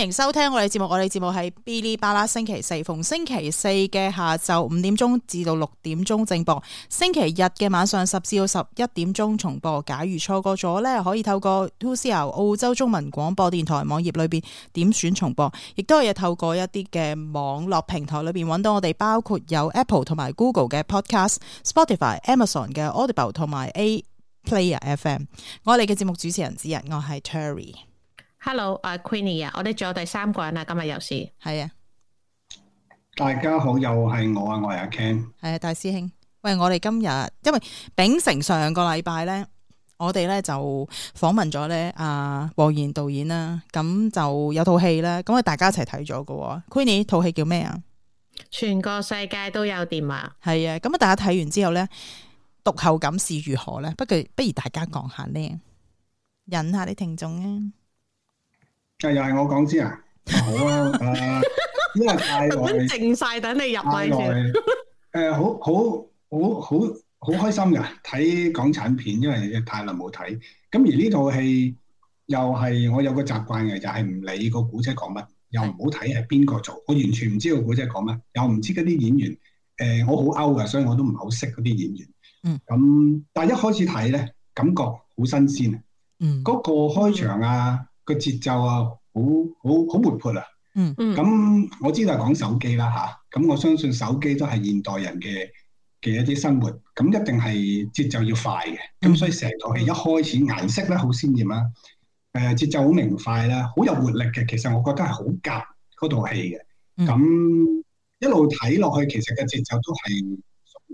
歡迎收聽我哋節目，我哋節目係嗶哩吧啦，星期四逢星期四嘅下晝五點鐘至到六點鐘正播，星期日嘅晚上十至到十一點鐘重播。假如錯過咗呢，可以透過 2CL 澳洲中文廣播電台網頁裏邊點選重播，亦都可以透過一啲嘅網絡平台裏邊揾到我哋，包括有 Apple 同埋 Google 嘅 Podcast、Spotify、Amazon 嘅 Audible 同埋 A Player FM。我哋嘅節目主持人之一，我係 Terry。Hello，阿 Queenie 啊，我哋仲有第三個人啊，今日又是係啊。大家好，又係我啊，我係阿 Ken，係啊，大師兄。喂，我哋今日因為秉承上個禮拜咧，我哋咧就訪問咗咧阿黃言導演啦。咁就有套戲啦，咁啊，大家一齊睇咗嘅。Queenie，套戲叫咩啊？全個世界都有電話，係啊。咁啊，大家睇完之後咧，讀後感是如何咧？不過不如大家講下呢，引下啲聽眾啊。又係我講先啊，好 啊，因為太耐，靜晒等你入去。誒、呃，好好好好好開心嘅，睇港產片，因為太耐冇睇。咁而呢套戲又係我有個習慣嘅，就係唔理個古仔講乜，又唔好睇係邊個做，我完全唔知個古仔講乜，又唔知嗰啲演員。誒、呃，我好 out 嘅，所以我都唔係好識嗰啲演員。咁、嗯嗯、但係一開始睇咧，感覺好新鮮啊！嗰、嗯、個開場啊～個節奏啊，好好好活潑啊！嗯嗯，咁、嗯嗯、我知道係講手機啦嚇，咁、啊嗯、我相信手機都係現代人嘅嘅一啲生活，咁、嗯、一定係節奏要快嘅，咁、嗯嗯、所以成套戲一開始顏色咧好鮮豔啦、啊，誒、呃、節奏好明快啦、啊，好有活力嘅。其實我覺得係好夾嗰套戲嘅，咁、嗯嗯嗯、一路睇落去其實嘅節奏都係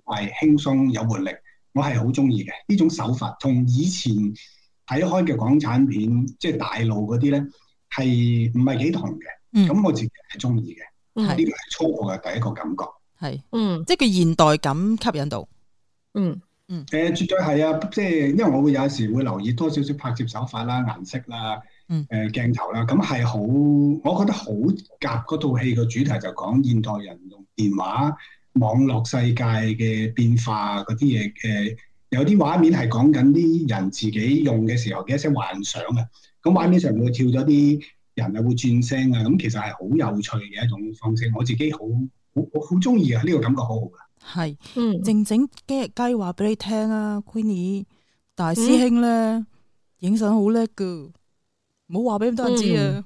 係輕鬆有活力，我係好中意嘅呢種手法，同以前，睇開嘅港產片，即係大陸嗰啲咧，係唔係幾同嘅？咁我自己係中意嘅，呢、嗯、個係初步嘅第一個感覺。係，嗯，即係佢現代感吸引到。嗯嗯。誒、嗯呃，絕對係啊！即係因為我會有時會留意多少少拍攝手法啦、顏色啦、誒、呃、鏡頭啦，咁係好，我覺得好夾嗰套戲嘅主題就講現代人用電話、網絡世界嘅變化嗰啲嘢嘅。有啲畫面係講緊啲人自己用嘅時候嘅一些幻想啊，咁畫面上會跳咗啲人啊，會轉聲啊，咁其實係好有趣嘅一種方式，我自己好，我我好中意啊，呢個感覺好好噶。係是，靜靜今日雞話俾你聽啊，Queenie，大師兄咧影相好叻噶，唔好話俾咁多人知啊、嗯。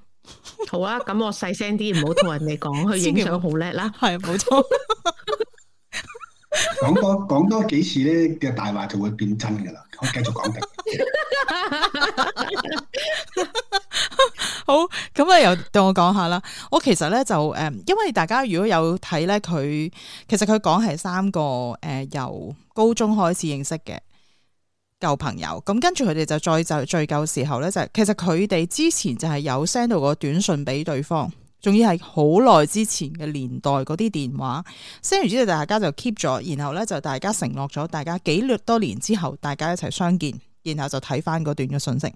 好啊，咁我細聲啲，唔好同人哋講佢影相好叻啦。係，冇錯、啊。 講 多講多幾次咧，嘅大話就會變真噶啦！我繼續講 好，咁啊，又到我講下啦。我其實咧就誒，因為大家如果有睇咧，佢其實佢講係三個誒、呃，由高中開始認識嘅舊朋友。咁跟住佢哋就再就聚舊時候咧，就係、是、其實佢哋之前就係有 send 到個短信俾對方。仲要係好耐之前嘅年代嗰啲電話，雖然之後大家就 keep 咗，然後咧就大家承諾咗，大家幾多年之後大家一齊相見，然後就睇翻嗰段嘅信息。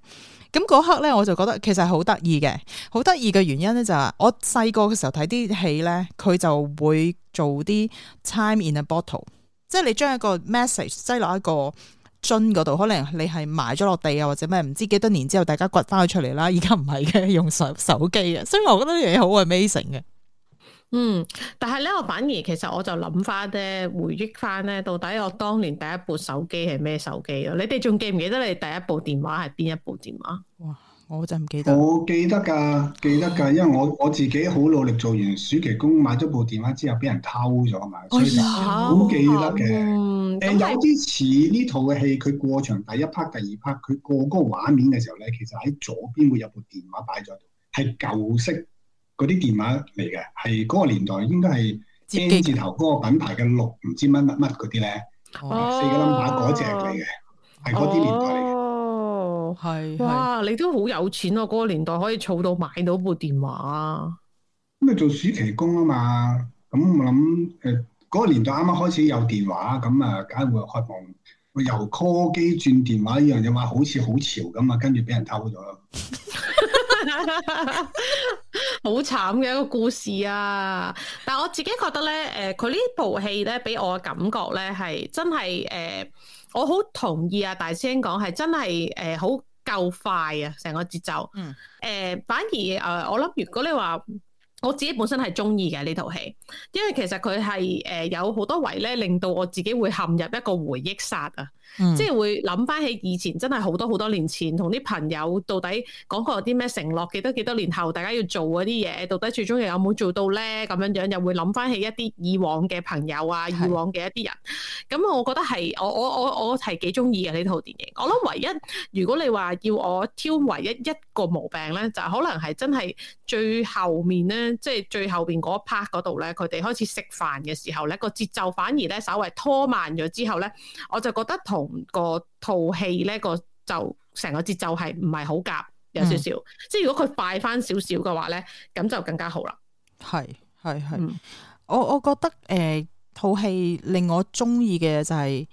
咁嗰刻咧，我就覺得其實好得意嘅，好得意嘅原因咧就係我細個嘅時候睇啲戲咧，佢就會做啲 time in a bottle，即係你將一個 message 擠落一個。樽嗰度，可能你係埋咗落地啊，或者咩唔知幾多年之後，大家掘翻佢出嚟啦。而家唔係嘅，用手手機嘅，所以我覺得呢樣嘢好係 Amazing 嘅。嗯，但係咧，我反而其實我就諗翻咧，回憶翻咧，到底我當年第一部手機係咩手機咯？你哋仲記唔記得你第一部電話係邊一部電話？哇。我就唔記得。我記得㗎，記得㗎，因為我我自己好努力做完暑期工，買咗部電話之後，俾人偷咗嘛，哎、呀所以好記得嘅。誒、哎，呃、是有啲似呢套嘅戲，佢過場第一 part、第二 part，佢過嗰個畫面嘅時候咧，其實喺左邊會有部電話擺咗度，係舊式嗰啲電話嚟嘅，係嗰個年代應該係 N 字頭嗰個品牌嘅六唔知乜乜乜嗰啲咧，四個冧巴嗰隻嚟嘅，係嗰啲年代。啊係哇！你都好有錢啊，嗰、那個年代可以儲到買到部電話啊！咁啊做暑期工啊嘛，咁、嗯、我諗誒嗰個年代啱啱開始有電話，咁啊梗會開放，由 call 機轉電話呢樣嘢話好似好潮咁啊，跟住俾人偷咗，好慘嘅一個故事啊！但係我自己覺得咧，誒佢呢部戲咧俾我嘅感覺咧係真係誒、呃，我好同意啊！大師兄講係真係誒好。呃呃夠快啊！成個節奏，誒、嗯呃，反而誒、呃，我諗如果你話我自己本身係中意嘅呢套戲，因為其實佢係誒有好多位咧，令到我自己會陷入一個回憶殺啊！嗯、即係會諗翻起以前真係好多好多年前，同啲朋友到底講過啲咩承諾？幾多幾多年後，大家要做嗰啲嘢，到底最終又有冇做到咧？咁樣樣又會諗翻起一啲以往嘅朋友啊，以往嘅一啲人。咁是我覺得係我我我我係幾中意嘅呢套電影。我諗唯一如果你話要我挑唯一一個毛病咧，就可能係真係最後面咧，即係最後邊嗰 part 度咧，佢哋開始食飯嘅時候咧，個節奏反而咧稍微拖慢咗之後咧，我就覺得同。個套戲呢個就成個節奏係唔係好夾，有少少。嗯、即係如果佢快翻少少嘅話呢，咁就更加好啦。係係係，嗯、我我覺得誒套戲令我中意嘅就係、是，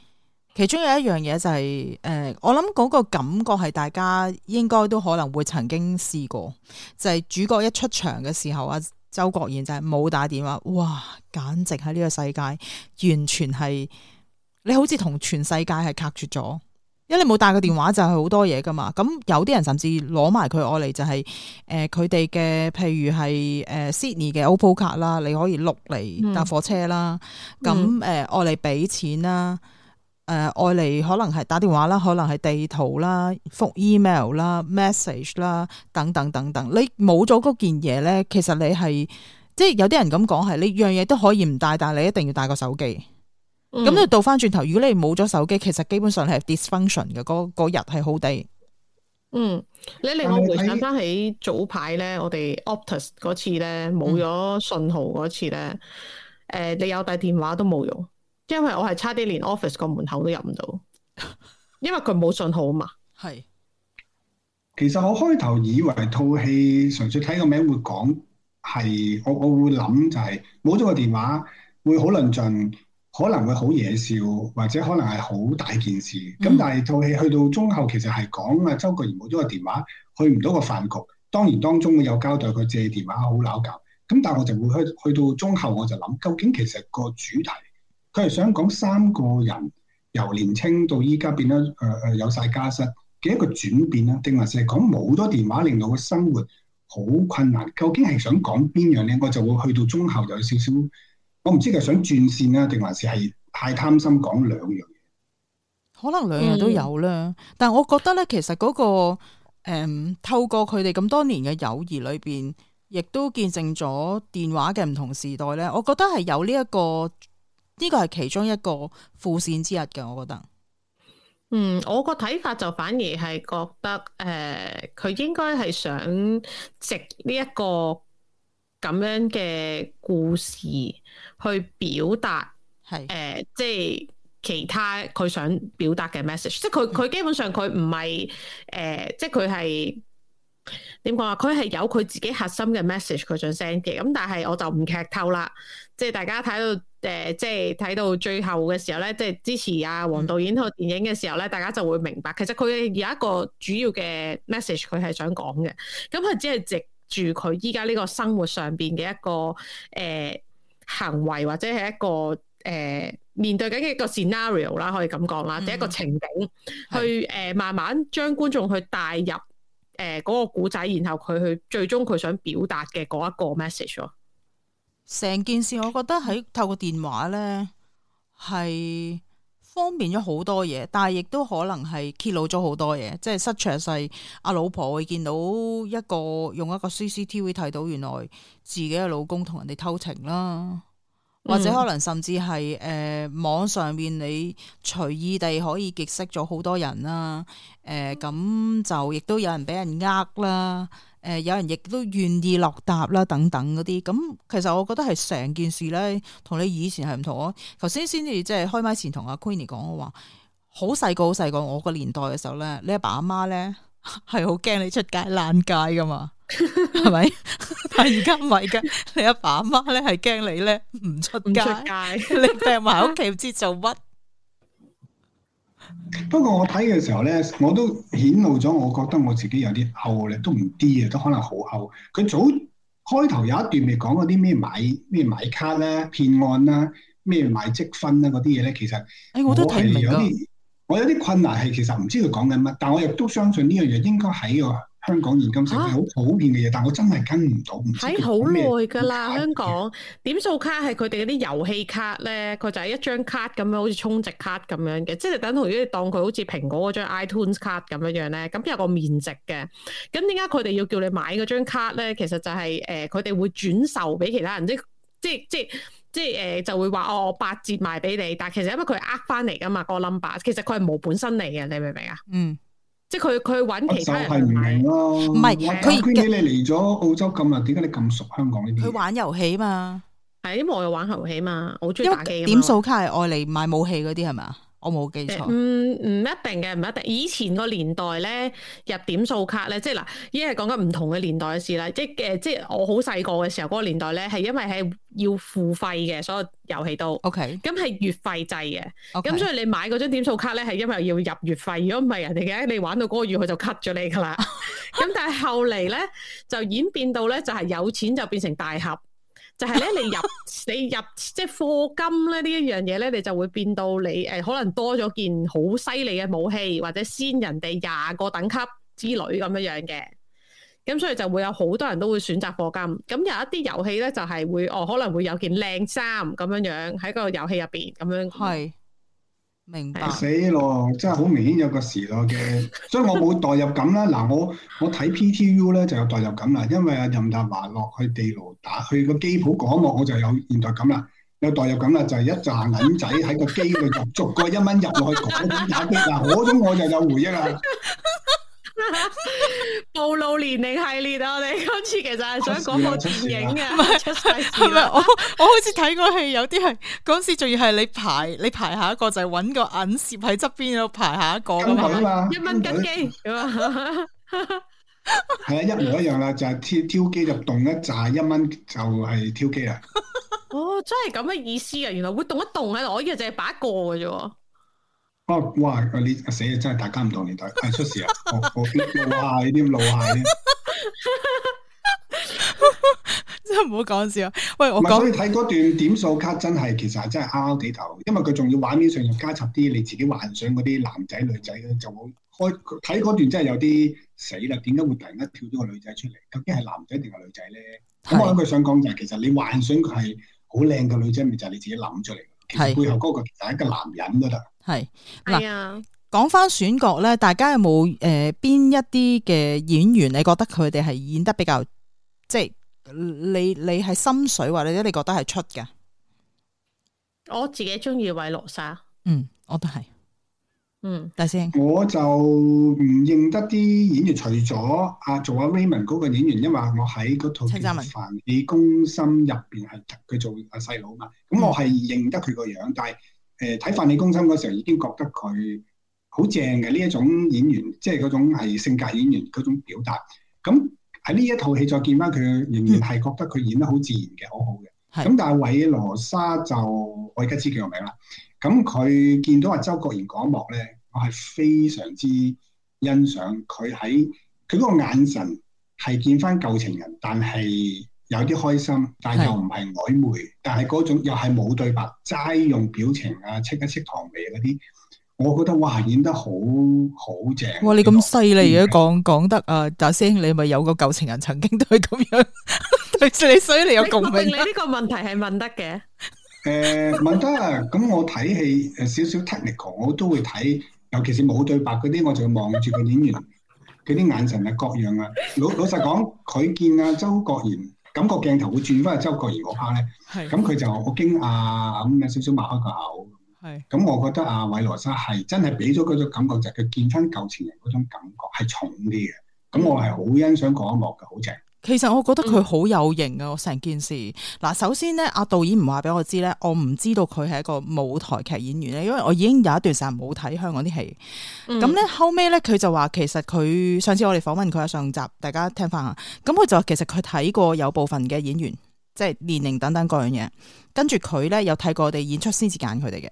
其中有一樣嘢就係、是、誒、呃，我諗嗰個感覺係大家應該都可能會曾經試過，就係、是、主角一出場嘅時候啊，周國賢就係冇打電話，哇，簡直喺呢個世界完全係。你好似同全世界係隔絕咗，因為你冇帶個電話就係好多嘢，噶嘛。咁有啲人甚至攞埋佢愛嚟就係誒，佢哋嘅譬如係誒 Sydney，呃、嘅 OPPO 卡啦，你可以碌嚟搭火車啦。咁誒愛嚟俾錢啦，誒愛嚟可能係打電話啦，可能係地圖啦、覆 email 啦、message 啦等等等等等等。你冇咗嗰件嘢咧，其實你係即係有啲人咁講，係你樣嘢都可以唔帶，但係你一定要帶個手機。咁你、嗯、倒翻轉頭，如果你冇咗手機，其實基本上係 dysfunction 嘅，嗰日係好低。嗯，你令我回想翻起早排咧，我哋 Optus 嗰次咧冇咗信號嗰次咧，誒、嗯呃，你有帶電話都冇用，因爲我係差啲連 Office 個門口都入唔到，因爲佢冇信號啊嘛。係是。其實我開頭以爲套戲純粹睇個名會講係，我我會諗就係冇咗個電話會好論盡。可能會好惹笑，或者可能係好大件事。咁、嗯嗯、但係套戲去到中後，其實係講阿周國賢冇咗個電話，去唔到個飯局。當然當中會有交代佢借電話好撈搞。咁但係我就會去去到中後，我就諗究竟其實個主題，佢係想講三個人由年青到依家變得誒誒、呃、有晒家室嘅一個轉變啦。定還是係講冇多電話令到佢生活好困難？究竟係想講邊樣咧？我就會去到中後有少少。我唔知佢想轉線咧，定還是係太貪心講兩樣嘢，可能兩樣都有啦。嗯、但係我覺得咧，其實嗰、那個誒、嗯，透過佢哋咁多年嘅友誼裏邊，亦都見證咗電話嘅唔同時代咧。我覺得係有呢、這、一個，呢、這個係其中一個副線之一嘅。我覺得，嗯，我個睇法就反而係覺得，誒、呃，佢應該係想藉呢一個。咁樣嘅故事去表達，係誒是、呃，即係其他佢想表達嘅 message，即係佢佢基本上佢唔係誒，即係佢係點講啊？佢係有佢自己核心嘅 message，佢想 send 嘅。咁但係我就唔劇透啦。即係大家睇到誒、呃，即係睇到最後嘅時候咧，即係支持阿、啊、黃導演套電影嘅時候咧，嗯、大家就會明白，其實佢有一個主要嘅 message，佢係想講嘅。咁佢只係直。住佢依家呢個生活上邊嘅一個誒、呃、行為，或者係一個誒、呃、面對緊嘅一個 scenario 啦，可以咁講啦，第一個情景、嗯、去誒、呃、慢慢將觀眾去帶入誒嗰、呃那個故仔，然後佢去最終佢想表達嘅嗰一個 message 咯。成件事我覺得喺透過電話咧係。方便咗好多嘢，但係亦都可能係揭露咗好多嘢。即係失場勢阿老婆會見到一個用一個 CCTV 睇到原來自己嘅老公同人哋偷情啦，嗯、或者可能甚至係誒、呃、網上面你隨意地可以結識咗好多人啦，誒、呃、咁就亦都有人俾人呃啦。誒、呃，有人亦都願意落搭啦，等等嗰啲，咁其實我覺得係成件事咧，同你以前係唔同。我頭先先至即係開咪前同阿 Queenie 講，我話好細個，好細個，我個年代嘅時候咧，你阿爸阿媽咧係好驚你出街爛街噶嘛，係咪 是吧？ 但而家唔係噶，你阿爸阿媽咧係驚你咧唔出街，出街 你病埋喺屋企唔知做乜。 不過我睇嘅時候咧，我都顯露咗，我覺得我自己有啲後悔咧，都唔知嘅，都可能好後悔。佢早開頭有一段咪講嗰啲咩買咩買卡啦、啊、騙案啦、啊、咩買積分啦嗰啲嘢咧，其實誒，我都睇唔明啊，我有啲困難係，其實唔知佢講緊乜，但我亦都相信呢樣嘢應該喺。香港現金卡係好普遍嘅嘢，啊、但我真係跟唔到。喺好耐噶啦，香港點數卡係佢哋嗰啲遊戲卡咧，佢就係一張卡咁樣，好似充值卡咁樣嘅，即係等同於當佢好似蘋果嗰張 iTunes 卡咁樣樣咧。咁有個面值嘅，咁點解佢哋要叫你買嗰張卡咧？其實就係、是、誒，佢、呃、哋會轉售俾其他人，即即即即誒，就會話哦八折賣俾你。但其實因為佢呃翻嚟噶嘛，個 number 其實佢係冇本身嚟嘅，你明唔明啊？嗯。即係佢佢揾其他人買，明、啊、買，唔係佢。況且你嚟咗澳洲咁耐，點解你咁熟香港呢啲？佢玩遊戲嘛，係因為我又玩遊戲嘛，我好中意打機。點數卡係愛嚟買武器嗰啲係嘛？我冇記錯，唔唔、嗯、一定嘅，唔一定。以前嗰個年代咧入點數卡咧，即係嗱，依家係講緊唔同嘅年代嘅事啦。即係，誒，即係我好細個嘅時候嗰個年代咧，係因為係要付費嘅，所有遊戲都，OK。咁係月費制嘅，咁所以你買嗰張點數卡咧，係因為要入月費，如果唔係人哋嘅，你玩到嗰個月佢就 cut 咗你噶啦。咁 但係後嚟咧就演變到咧就係有錢就變成大俠。就係咧，你入你入即係課金咧呢一樣嘢咧，你就會變到你，誒，可能多咗件好犀利嘅武器，或者先人哋廿個等級之類咁樣樣嘅。咁所以就會有好多人都會選擇課金。咁有一啲遊戲咧，就係會哦，可能會有件靚衫咁樣樣喺個遊戲入邊咁樣。係。明白， 死咯！真係好明顯有個時代嘅，de, 所以我冇代入感啦。嗱，我我睇 PTU 咧就有代入感啦，因為阿任達華落去地牢打，去個機鋪嗰幕我就有現代感啦，有代入感啦，就係、是、一揸銀仔喺個機度就逐個一蚊入落去講打機，嗱嗰種我就有回憶啦。 暴露年齡系列，啊，我哋今次其實係想講部電影嘅，係咪是？我我好似睇過，係有啲係嗰陣時，仲要係你排，你排下一個就係、是、搵個銀攝喺側邊度排下一個噶嘛，一蚊跟機咁啊！係 啊，一模一樣啦，就係、是、挑挑機入洞一扎，一蚊就係挑機啦。 哦，真係咁嘅意思啊！原來會動一動啊！我依家淨係擺一個嘅啫。哇！你死啊，真係大家唔同年代，出事啊！哇！呢啲老蟹，真係唔好講笑。喂，我講你睇嗰段點數卡真係，其實真係啱啱幾頭，因為佢仲要畫面上又加插啲你自己幻想嗰啲男仔女仔嘅，就會開睇嗰段真係有啲死啦。點解會突然間跳咗個女仔出嚟？究竟係男仔定係女仔咧？咁我諗佢想講就係，其實你幻想佢係好靚嘅女仔，咪就係你自己諗出嚟。係背後嗰個係一個男人噶啦。係嗱，講翻選角咧，大家有冇誒邊一啲嘅演員？你覺得佢哋係演得比較即係你你係心水，或者你覺得係出嘅？我自己中意韋羅莎，嗯，我都係。嗯，大仙，我就唔認得啲演員，除咗阿、啊、做阿 Raymond 嗰個演員，因為我喺嗰套《飯戲攻心》入邊係佢做阿細佬嘛，咁、嗯、我係認得佢個樣，但係誒睇《飯、呃、戲攻心》嗰時候已經覺得佢好正嘅呢一種演員，即係嗰種係性格演員嗰種表達。咁喺呢一套戲再見翻佢，仍然係覺得佢演得好自然嘅，嗯、好好嘅。咁、嗯、但係韋羅莎就我而家知佢個名啦。咁佢見到阿周國賢嗰一幕咧，我係非常之欣賞佢喺佢嗰個眼神係見翻舊情人，但係有啲開心，但係又唔係曖昧，但係嗰種又係冇對白，齋用表情啊，戚一戚堂味嗰啲，我覺得哇，演得好好正哇！你咁犀利啊，講講得啊大師兄，你咪有個舊情人曾經都係咁樣，對 住、啊、你，所以你有共鳴。你呢個問題係問得嘅。誒、 呃，問得咁，嗯、我睇戲誒，少少 technical 我都會睇，尤其是冇對白嗰啲，我就望住個演員佢啲 眼神啊，各樣啊。老老實講，佢見阿、啊、周國賢，感覺鏡頭會轉翻去周國賢嗰 part 咧，咁佢就好驚訝咁樣少少擘開個口。係的，咁，嗯、我覺得阿韋羅莎係真係俾咗嗰種感覺，就係，是、佢見翻舊情人嗰種感覺係重啲嘅。咁、嗯的嗯、我係好欣賞嗰一幕嘅，好正。其實我覺得佢好有型啊！成、嗯、件事嗱，首先咧，阿導演唔話俾我知咧，我唔知道佢係一個舞台劇演員咧，因為我已經有一段時間冇睇香港啲戲。咁咧、嗯、後尾咧，佢就話其實佢上次我哋訪問佢喺上集，大家聽翻啊。咁佢就話其實佢睇過有部分嘅演員，即係年齡等等各樣嘢。跟住佢咧有睇過我哋演出先至揀佢哋嘅。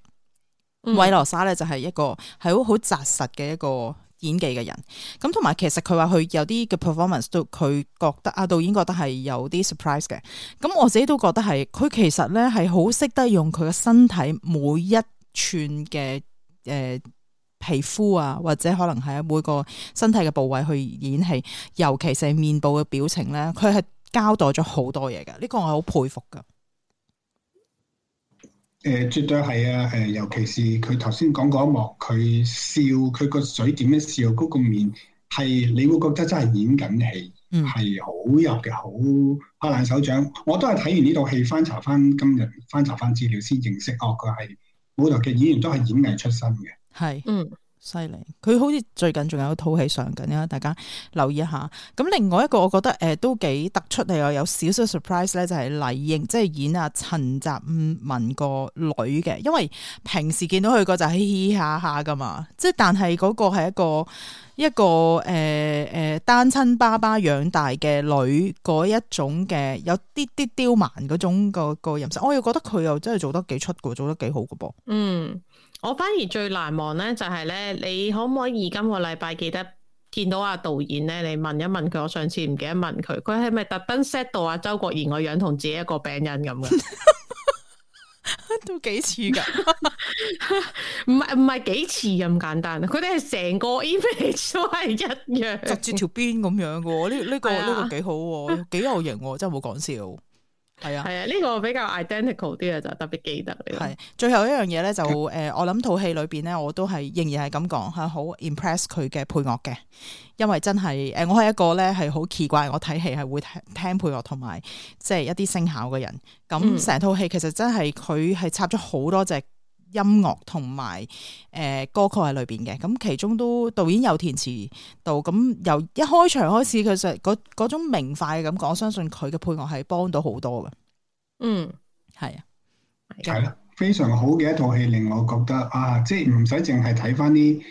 韋羅莎咧就係一個係好好紮實嘅一個。演技嘅人，咁同埋其實佢話佢有啲嘅 performance，都佢覺得啊導演覺得係有啲 surprise 嘅，咁我自己都覺得係，佢其實咧係好識得用佢嘅身體每一寸嘅，誒、呃、皮膚啊，或者可能係每個身體嘅部位去演戲，尤其是面部嘅表情咧，佢係交代咗好多嘢嘅，呢、呢個我係好佩服噶。誒、呃、絕對係啊！誒、呃、尤其是佢頭先講嗰一幕，佢笑，佢個嘴點樣笑，嗰個面係，你會覺得真係演緊戲，係好、嗯、入嘅，好拍爛手掌。我都係睇完呢套戲，翻查翻今日，翻查翻資料先認識。哦，佢係舞台劇演員都係演藝出身嘅。係是，嗯。犀利，佢好似最近仲有一套戲上緊啊！大家留意一下。咁另外一個，我覺得誒、呃、都幾突出係啊，有少少 surprise 咧，就係李英即係演啊陳集文個女嘅。因為平時見到佢個就嘻嘻哈哈噶嘛，即係但係嗰個係一個一個誒誒、呃、單親爸爸養大嘅女嗰一種嘅，有啲啲刁蠻嗰種個人生。我又覺得佢又真係做得幾出嘅，做得幾好嘅噃。嗯。我反而最難忘咧，就係咧，你可唔可以今個禮拜記得見到阿導演咧？你問一問佢，我上次唔記得問佢，佢係咪特登 set 到阿周國賢個樣同自己一個病人咁嘅？ 都幾似噶？唔係唔係幾似咁簡單，佢哋係成個 image 都係一樣，截住條邊咁樣嘅。呢、呢個呢個幾好，幾 有型，真係冇講笑。係啊，係啊，呢個比較 identical 啲嘅就特別記得係最後一樣嘢咧，就誒、呃，我諗套戲裏邊咧，我都係仍然係咁講，係好 impress 佢嘅配樂嘅，因為真係誒、呃，我係一個咧係好奇怪，我睇戲係會聽配樂同埋即係一啲聲效嘅人，咁成套戲其實真係佢係插咗好多隻。音樂同埋誒歌曲喺裏邊嘅，咁其中都導演有填詞度，咁、嗯、由一開場開始，其實嗰嗰種明快嘅感覺，我相信佢嘅配樂係幫到好多嘅。嗯，係啊，係啦，非常好嘅一套戲，令我覺得啊，即係唔使淨係睇翻啲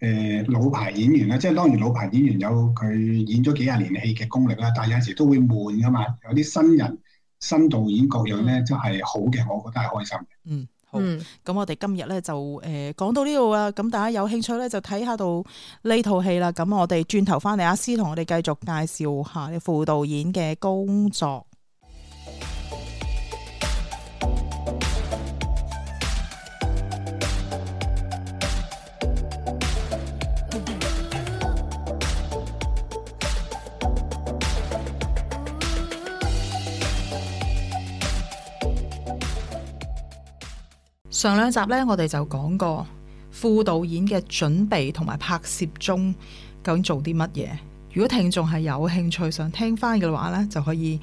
誒老牌演員啦，即係當然老牌演員有佢演咗幾廿年戲嘅功力啦，但係有陣時都會悶噶嘛，有啲新人新導演各樣咧，嗯、真係好嘅，我覺得係開心嘅。嗯。好嗯，咁我哋今日咧就誒講到呢度啊，咁大家有興趣咧就睇下度呢套戲啦。咁我哋轉頭翻嚟，阿詩同我哋繼續介紹下副導演嘅工作。上兩集咧，我哋就講過副導演嘅準備同埋拍攝中究竟做啲乜嘢。如果聽眾係有興趣想聽翻嘅話咧，就可以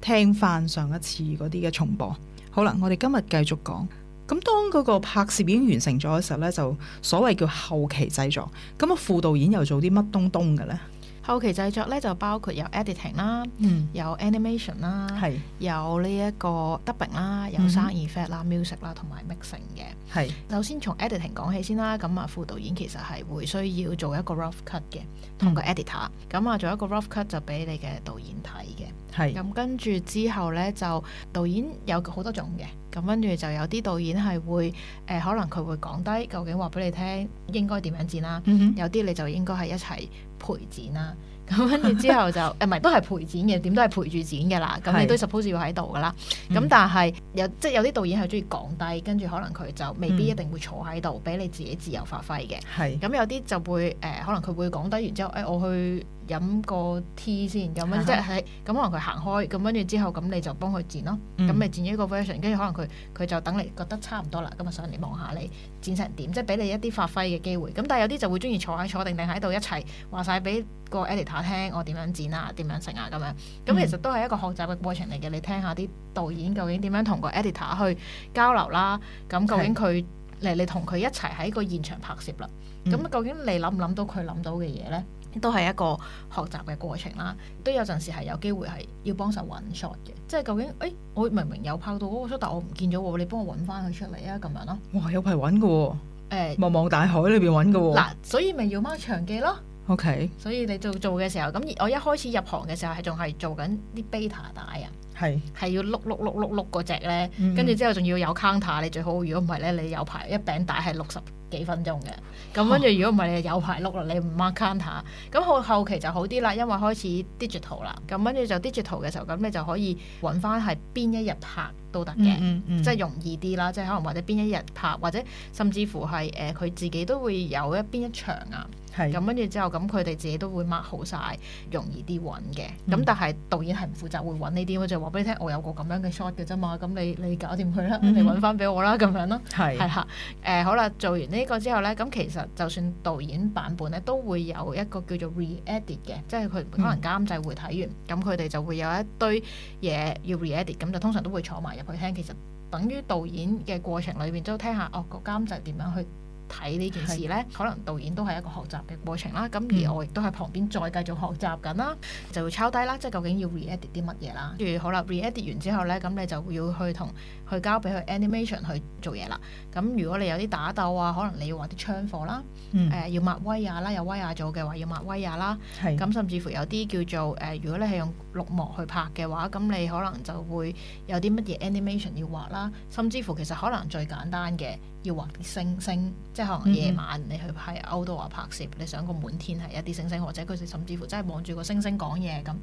聽翻上一次嗰啲嘅重播。好啦，我哋今日繼續講。咁當嗰個拍攝已經完成咗嘅時候咧，就所謂叫後期製作。咁啊，副導演又做啲乜東東嘅咧？後期製作咧就包括有 editing 啦，嗯、有 animation 啦，是有呢一個 dubbing 啦，有生意 effect 啦、嗯、哼 music 啦，同埋 mixing 嘅。是首先從 editing 講起先啦，咁啊副導演其實係會需要做一個 rough cut 嘅，同個 editor、嗯。咁啊做一個 rough cut 就俾你嘅導演睇嘅。係是。咁跟住之後咧就導演有好多種嘅，咁跟住就有啲導演係會誒、呃、可能佢會講低究竟話俾你聽應該點樣剪啦、啊。嗯、哼有啲你就應該係一齊。陪剪啦、啊，咁跟住之後就誒，唔係、 哎、都係陪剪嘅，點都係陪住剪嘅啦。咁 你都 suppose 要喺度噶啦。咁是、嗯、但係有即係有啲導演係中意講低，跟住可能佢就未必一定會坐喺度，俾、嗯、你自己自由發揮嘅。係是。咁有啲就會誒、呃，可能佢會講低，完之後誒、哎，我去。飲個 tea 先，咁樣的即係咁可能佢行開，咁跟住之後咁你就幫佢剪咯，咁咪、嗯、剪咗一個 version，跟住可能佢佢就等你覺得差唔多啦，咁啊上嚟望下你剪成點，即係俾你一啲發揮嘅機會。咁但係有啲就會中意坐喺坐定定喺度一齊話晒俾個 editor 聽我，我點樣剪啊，點樣成啊咁樣。咁、嗯、其實都係一個學習嘅過程嚟嘅，你聽下啲導演究竟點樣同個 editor 去交流啦，咁究竟佢嚟的你同佢一齊喺個現場拍攝啦，咁、嗯、究竟你諗唔諗到佢諗到嘅嘢咧？都係一個學習嘅過程啦，都有陣時係有機會係要幫手揾 shot 嘅，即係究竟誒、欸，我明明有拋到嗰個 shot，但我唔見咗喎，你幫我揾返佢出嚟啊咁樣咯。哇，有排揾㗎喎，欸、望望大海裏邊揾㗎喎。嗱，所以咪要貓場記咯。OK，所以你做做嘅時候，咁我一開始入行嘅時候係仲係做緊啲 beta 帶啊，係是，係要碌碌碌碌碌嗰隻咧，跟住、嗯、之後仲要有 counter，你最好如果唔係咧，你有排一餅帶係六十幾分鐘嘅，咁跟住如果唔係你就有排碌啦，你唔 mark down 下，咁後後期就好啲啦，因為開始 digital 啦，咁跟住就 digital 嘅時候，咁你就可以揾翻係邊一日拍都得嘅，嗯嗯嗯，即係容易啲啦，即係可能或者邊一日拍，或者甚至乎係誒佢自己都會有一邊一場啊。咁跟住之後，咁佢哋自己都會 mark 好晒，容易啲揾嘅。咁但係導演係唔負責會揾呢啲，我就話俾你聽，我有個咁樣嘅 shot 嘅啫嘛。咁你你搞掂佢啦，嗯、哼你揾翻俾我啦，咁樣咯。係係嚇。誒好啦，做完呢個之後咧，咁其實就算導演版本咧，都會有一個叫做 re-edit 嘅，即係佢可能監製會睇完，咁佢哋就會有一堆嘢要 re-edit，咁就通常都會坐埋入去聽。其實等於導演嘅過程裏邊都聽下，哦個監製點樣去。睇呢件事咧，的可能導演都係一個學習嘅過程啦。咁而我亦都喺旁邊再繼續學習緊啦，嗯、就會抄低啦，即係究竟要 re-edit 啲乜嘢啦。跟住好啦，re-edit 完之後咧，咁你就要去同去交俾佢 animation 去做嘢啦。咁如果你有啲打鬥啊，可能你要畫啲槍火啦，誒、嗯呃、要抹威亞啦，有威亞做嘅話要抹威亞啦。咁的甚至乎有啲叫做誒、呃，如果你係用綠幕去拍嘅話，咁你可能就會有啲乜嘢 animation 要畫啦。甚至乎其實可能最簡單嘅。要畫啲星星，即係可能夜晚你去拍 outdoor 拍攝，嗯、你想個滿天係一啲星星，或者佢甚至乎真係望住個星星講嘢咁，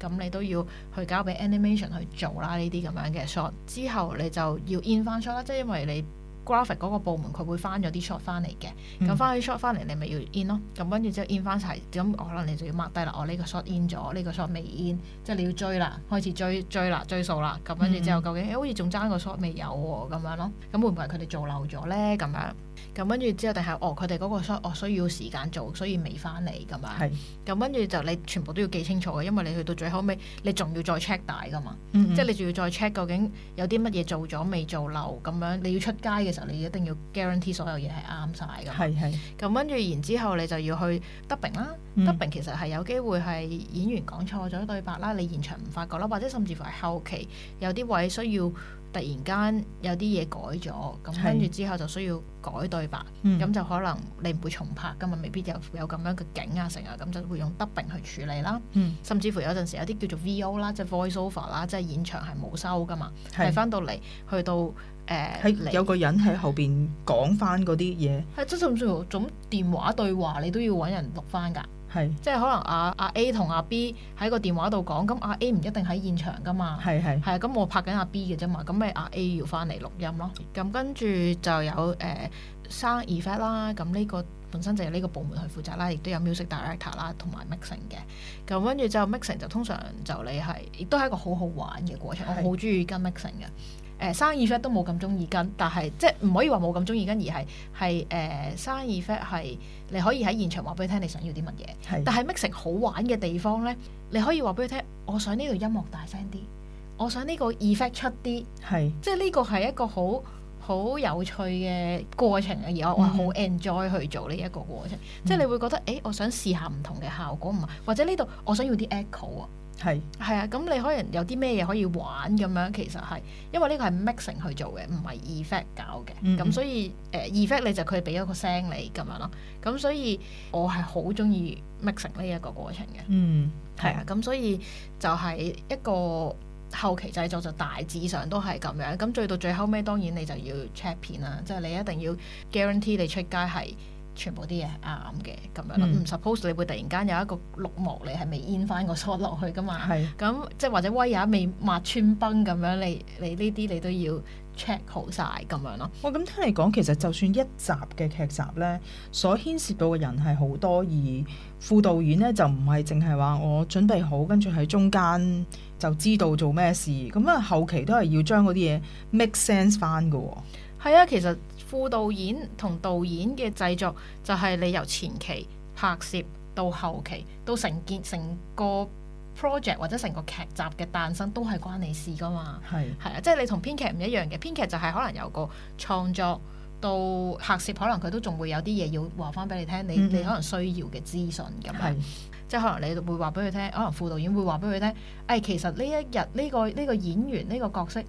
咁你都要去交俾 animation 去做啦。呢啲咁樣嘅 shot 之後，你就要 in 翻 shot 啦，即係因為你。Graphic 嗰個部門佢會翻咗啲 shot 翻嚟嘅，咁翻咗啲 shot 翻嚟你咪要 in 咯，咁跟住之後 in 翻齊，咁可能你就要 mark 低啦，我、哦、呢、呢個 shot in 咗，呢、呢個 shot 未 in，即係你要追啦，開始追追啦追數啦，咁跟住之後究竟、欸、好似仲爭個 shot 未有喎、哦，咁樣咯，咁會唔會係佢哋做漏咗咧咁樣？咁跟住之後，定係哦，佢哋嗰個需哦需要時間做，所以未翻嚟咁嘛。係是。咁跟住就你全部都要記清楚嘅，因為你去到最後尾，你仲要再 check 大噶嘛。嗯嗯，即係你仲要再 check 究竟有啲乜嘢做咗未做漏咁樣，你要出街嘅時候，你一定要 guarantee 所有嘢係啱晒噶。係，咁跟住然之後，你就要去 dubbing 啦。嗯。dubbing 其實係有機會係演員講錯咗對白啦，你現場唔發覺啦，或者甚至乎係後期有啲位需要。突然間有啲嘢改咗，咁跟住之後就需要改對白，咁、嗯、就可能你唔會重拍噶嘛，未必有有咁樣嘅景啊，成啊，咁就會用 Dubbing 去處理啦。嗯、甚至乎有陣時有啲叫做 VO 啦，即係 Voice Over 啦，即係現場係冇收噶嘛，係翻到嚟去到誒，呃、有個人喺後邊講翻嗰啲嘢。係真係唔知喎，咁電話對話你都要揾人錄翻㗎？即係可能阿、啊、阿、啊、A 同阿、啊、B 喺個電話度講，咁、啊、阿 A 唔一定喺現場噶嘛。係係是是。係啊，咁我拍緊阿 B 嘅啫嘛，咁咪阿 A 要翻嚟錄音咯。咁、嗯、跟住就有誒 sound、呃、effect 啦，咁、嗯、呢、這個本身就係呢個部門去負責啦，亦都有 music director 啦，同埋 mixing 嘅。咁跟住就 mixing 就通常就你係，亦都係一個好好玩嘅過程，是我好中意跟 mixing 嘅。誒 sound effect 都冇咁中意跟，但係即係唔可以話冇咁中意跟，而係係誒 sound effect 係你可以喺現場話俾佢聽你想要啲乜嘢。是但係 mixing 好玩嘅地方咧，你可以話俾佢聽，我想呢度音樂大聲啲，我想呢個 effect 出啲。係是。即係呢個係一個好好有趣嘅過程啊！而我我好 enjoy 去做呢一個過程，嗯、即係你會覺得誒、欸，我想試下唔同嘅效果，唔係或者呢度我想要啲 echo 啊。係係啊，咁你可能有啲咩嘢可以玩咁樣，其實係因為呢個係 mixing 去做嘅，唔係 effect 搞嘅，咁、嗯、所以誒、呃、effect 就你就佢俾一個聲你咁樣咯，咁所以我係好中意 mixing 呢一個過程嘅，嗯，係啊，咁所以就係一個後期製作就大致上都係咁樣，咁最到最後尾當然你就要 check 片啦，即、就、係、係、你一定要 guarantee 你出街係。全部啲嘢係啱嘅咁樣咯。唔、嗯、suppose 你會突然間有一個綠幕你係未淹翻個梳落去噶嘛？咁即係或者威也未抹穿崩咁樣，你你呢啲你都要 check 好晒咁樣咯。我咁、哦、聽你講，其實就算一集嘅劇集咧，所牽涉到嘅人係好多，而副導演咧就唔係淨係話我準備好，跟住喺中間就知道做咩事。咁啊，後期都係要將嗰啲嘢 make sense 翻嘅喎。係啊，其實副導演同導演嘅製作，就係你由前期拍攝到後期，到成件成個 project 或者成個劇集嘅誕生，都係關你事噶嘛。係係是啊，即係你同編劇唔一樣嘅，編劇就係可能由個創作到拍攝，可能佢都仲會有啲嘢要話翻俾你聽，你、嗯、你可能需要嘅資訊咁樣。是即係可能你會話俾佢聽，可能副導演會話俾佢聽，誒、哎、其實呢一日呢個呢個演員呢個角色。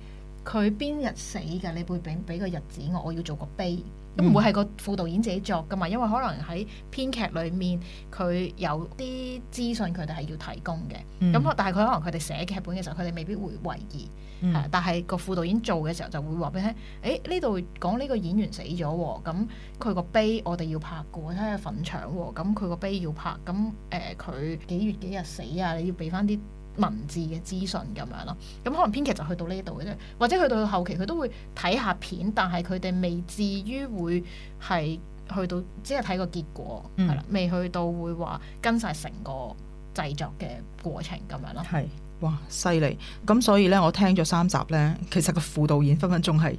佢邊日死嘅？你會俾俾個日子我，我要做個碑，咁唔會係個副導演自己作㗎嘛？嗯、因為可能喺編劇裏面佢有啲資訊，佢哋係要提供嘅。咁、嗯、但係佢可能佢哋寫劇本嘅時候，佢哋未必會為意。嗯、但係個副導演做嘅時候就會話俾你聽：誒，呢度講呢個演員死咗喎，咁佢個碑我哋要拍㗎，睇下個墳場喎，咁佢個碑要拍，咁誒佢幾月幾日死啊？你要俾翻啲。文字嘅資訊咁樣咯，咁可能編劇就去到呢度嘅啫，或者去到後期佢都會睇下片，但係佢哋未至於會係去到只係睇個結果，係啦、嗯，未去到會話跟晒成個製作嘅過程咁樣咯。係、嗯嗯，哇犀利！咁所以咧，我聽咗三集咧，其實個副導演分分鐘係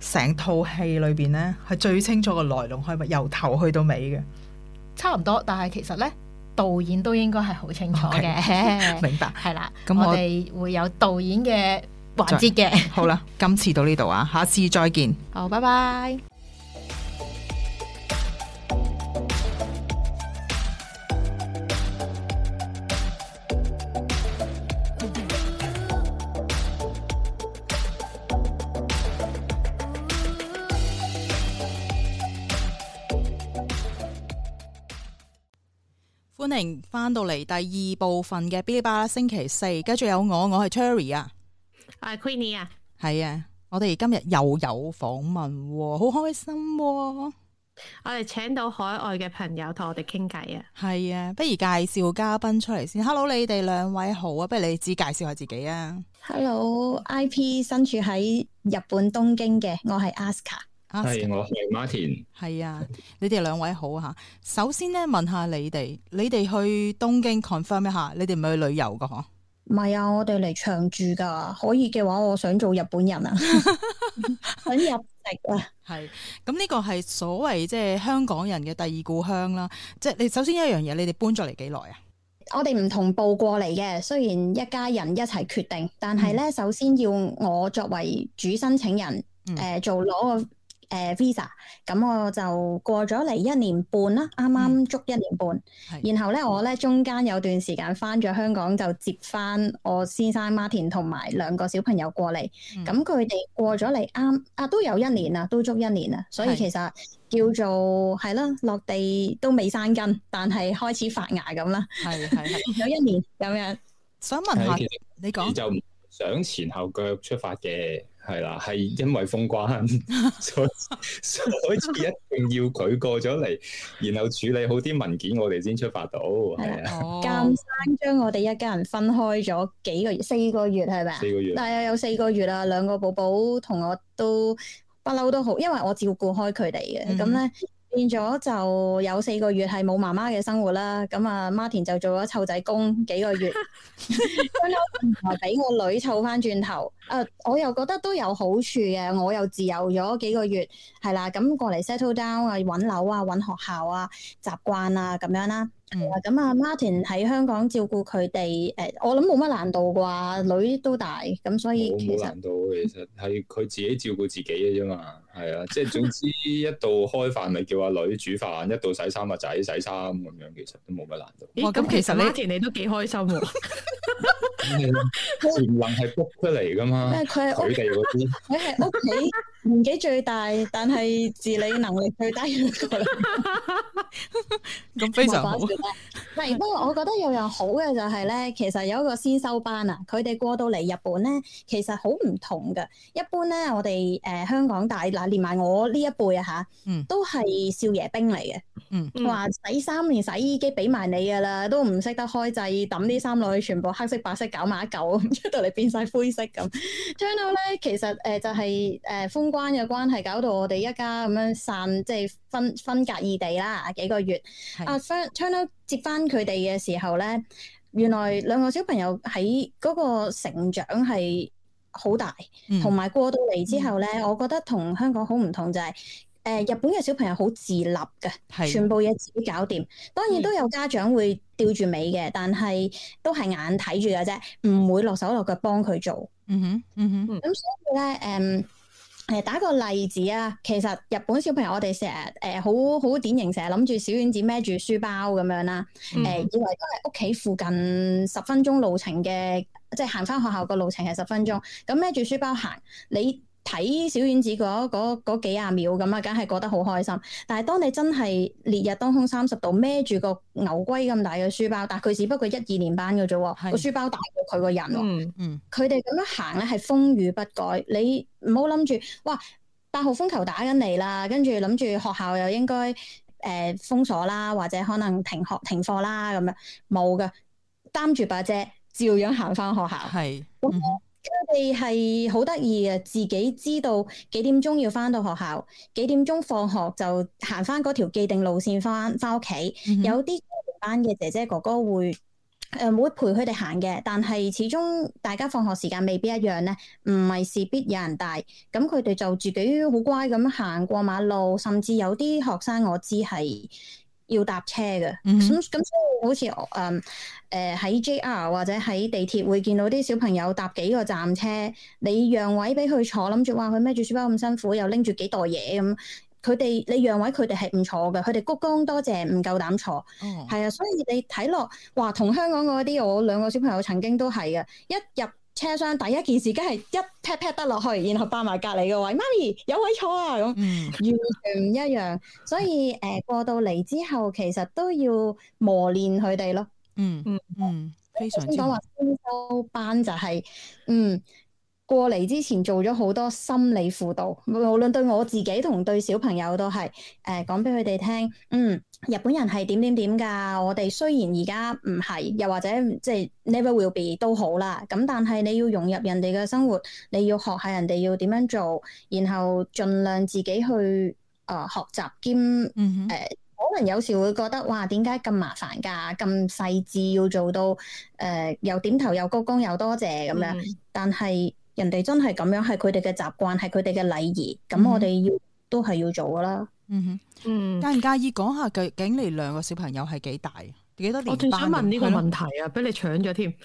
成套戲裏邊咧係最清楚個來龍去脈，由頭去到尾嘅。差唔多，但係其實咧。導演都應該係好清楚嘅，okay，明白。係啦 的，咁我哋會有導演嘅環節嘅。好啦，今次到呢度啊，下次再見。好，拜拜。歡迎翻到嚟第二部分嘅 Bilibala 星期四，跟住有我，我係 Cherry 啊，我係 Queenie 啊，係啊，我哋今日又有訪問，好開心，我哋請到海外嘅朋友同我哋傾偈啊，係啊，不如介紹嘉賓出嚟先，Hello，你哋兩位好啊，不如你哋只介紹下自己啊，Hello，IP 身處喺日本東京嘅，我係 Aska。係，我係馬田。係 Martin 啊，你哋兩位好啊吓。首先咧，問下你哋，你哋去東京 confirm 一下，你哋唔係去旅遊噶嗬？唔係啊，我哋嚟長住噶。可以嘅話，我想做日本人啊， 想入籍啊。係，咁呢個係所謂即係香港人嘅第二故鄉啦。即係你首先一樣嘢，你哋搬咗嚟幾耐啊？我哋唔同步過嚟嘅，雖然一家人一齊決定，但係咧，嗯、首先要我作為主申請人，誒、嗯呃、做攞個。誒、呃、Visa，咁我就過咗嚟一年半啦，啱啱足一年半。嗯、然後咧，嗯、我咧中間有段時間翻咗香港，就接翻我先生 Martin 同埋兩個小朋友過嚟。咁佢哋過咗嚟啱啊，都有一年啦，都足一年啦。所以其實叫做係咯、嗯，落地都未生根，但係開始發芽咁啦。係係係， 有一年咁樣。想問下你講就想前後腳出發嘅。係啦，係因為封關，所以，所以一定要佢過咗嚟，然後處理好啲文件，我哋先出發到。係啊，監生將我哋一家人分開咗幾個月，四個月係咪啊？四個月，大約有四個月啊，兩個寶寶同我都不嬲都好，因為我照顧開佢哋嘅咁咧。嗯變咗就有四個月係冇媽媽嘅生活啦，咁啊 Martin 就做咗湊仔工幾個月，跟俾 我女湊翻轉頭。誒、呃，我又覺得都有好處嘅，我又自由咗幾個月，係啦，咁過嚟 settle down 啊，揾樓啊，揾學校啊，習慣啊，咁樣啦、啊。咁啊，Martin 喺香港照顧佢哋，誒，我諗冇乜難度啩，女都大，咁所以其實冇難度，其實係佢自己照顧自己嘅啫嘛，係啊，即係總之一度開飯咪叫阿女煮飯，一度洗衫阿仔洗衫咁樣，其實都冇乜難度。咁其實你，Martin，你都幾開心喎，你能係 book 出嚟噶嘛。佢哋嗰啲，佢係屋企年紀最大，但係自理能力最低，咁非常好。係 不過我覺得有樣好嘅就係、是、咧，其實有一個先修班啊，佢哋過到嚟日本咧，其實好唔同噶。一般咧，我哋誒、呃、香港大嗱連埋我呢一輩啊吓，都係少爺兵嚟嘅。話洗衫連洗衣機俾埋你噶啦，都唔識得開掣，抌啲衫落去全部黑色白色攪埋一嚿，出 到嚟變晒灰色咁。之後咧，其實誒、呃、就係、是、誒、呃、封關嘅關係，搞到我哋一家咁樣散即係。就是分分隔異地啦，幾個月。阿 Charles 的、uh, 接翻佢哋嘅時候咧，原來兩個小朋友喺嗰個成長係好大，同埋、嗯、過到嚟之後咧，嗯、我覺得同香港好唔同就係、是，誒、呃、日本嘅小朋友好自立嘅，的全部嘢自己搞掂。當然都有家長會吊住尾嘅，嗯、但係都係眼睇住㗎啫，唔會落手落腳幫佢做。嗯哼，嗯哼。咁所以咧，誒、um,。誒、呃、打個例子啊，其實日本小朋友我哋成日誒好好典型，成日諗住小丸子孭住書包咁樣啦，誒、呃嗯、以為都係屋企附近十分鐘路程嘅，即係行翻學校個路程係十分鐘，咁孭住書包行你。睇小丸子嗰幾廿秒咁啊，梗係過得好開心。但係當你真係烈日當空三十度，孭住個牛龜咁大嘅書包，但佢只不過一二年班嘅啫，個是書包大過佢個人。嗯嗯，佢哋咁樣行咧係風雨不改。你唔好諗住，哇！八號風球打緊嚟啦，跟住諗住學校又應該誒、呃、封鎖啦，或者可能停學停課啦咁樣，冇嘅。擔住把遮，照樣行返學校。係是。嗯佢哋係好得意嘅，自己知道幾點鐘要翻到學校，幾點鐘放學就行翻嗰條既定路線翻翻屋企。嗯、哼有啲班嘅姐姐哥哥會誒會、呃、陪佢哋行嘅，但係始終大家放學時間未必一樣咧，唔係事必有人帶，咁佢哋就自己好乖咁行過馬路，甚至有啲學生我知係。要搭車嘅，咁咁所以好似誒誒喺 JR 或者喺地鐵會見到啲小朋友搭幾個站車，你讓位俾佢坐，諗住話佢孭住書包咁辛苦，又拎住幾袋嘢咁，佢、嗯、哋你讓位佢哋係唔坐嘅，佢哋鞠躬多謝，唔夠膽坐，係、oh. 啊，所以你睇落話同香港嗰啲，我兩個小朋友曾經都係嘅，一入。車廂第一件事，梗係一劈劈得落去，然後包埋隔離嘅位。媽咪有位坐啊，咁，嗯、完全唔一樣。所以誒、呃、過到嚟之後，其實都要磨練佢哋咯。嗯嗯嗯，非常之。先講話先收班就係、是，嗯，過嚟之前做咗好多心理輔導，無論對我自己同對小朋友都係誒講俾佢哋聽，嗯。日本人係點點點㗎？我哋雖然而家唔係，又或者即係 never will be 都好啦。咁但係你要融入人哋嘅生活，你要學下人哋要點樣做，然後盡量自己去誒、呃、學習兼誒、呃。可能有時會覺得哇，點解咁麻煩㗎？咁細緻要做到誒、呃、又點頭又鞠躬又多謝咁樣。嗯、但係人哋真係咁樣，係佢哋嘅習慣，係佢哋嘅禮儀。咁我哋要都係要做㗎啦。嗯哼，嗯、mm hmm. 介唔介意講下究竟你兩個小朋友係幾大，幾多年？我仲想問呢個問題啊，俾你搶咗添。誒、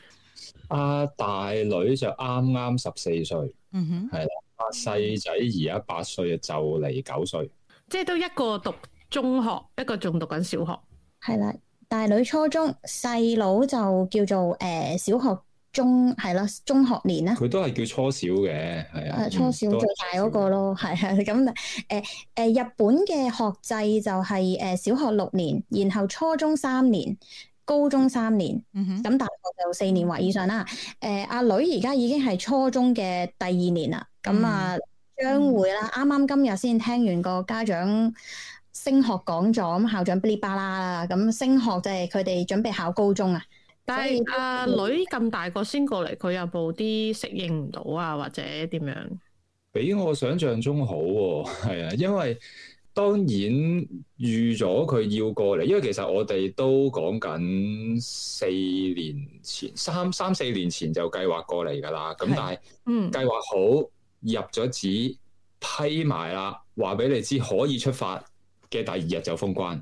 啊，大女就啱啱十四歲，嗯哼、mm，係、hmm. 啦。細仔而家八歲就嚟九歲，即係都一個讀中學，一個仲讀緊小學。係啦，大女初中，細佬就叫做誒、呃、小學。中係啦，中學年啦，佢都係叫初小嘅，係啊，初小最大嗰個咯，係係咁誒誒，日本嘅學制就係誒小學六年，然後初中三年，高中三年，咁、嗯、哼大學就四年或以上啦。誒、呃，阿女而家已經係初中嘅第二年啦，咁啊，將、嗯、會啦，啱啱今日先聽完個家長升學講座。咁校長噼里啪啦啦，咁升學就係佢哋準備考高中啊。但係阿女咁大個先過嚟，佢又冇啲適應唔到啊，或者點樣？比我想象中好喎，係啊，因為當然預咗佢要過嚟，因為其實我哋都講緊四年前、三三四年前就計劃過嚟噶啦。咁的但係，嗯，計劃好入咗紙批埋啦，話俾你知可以出發嘅第二日就封關。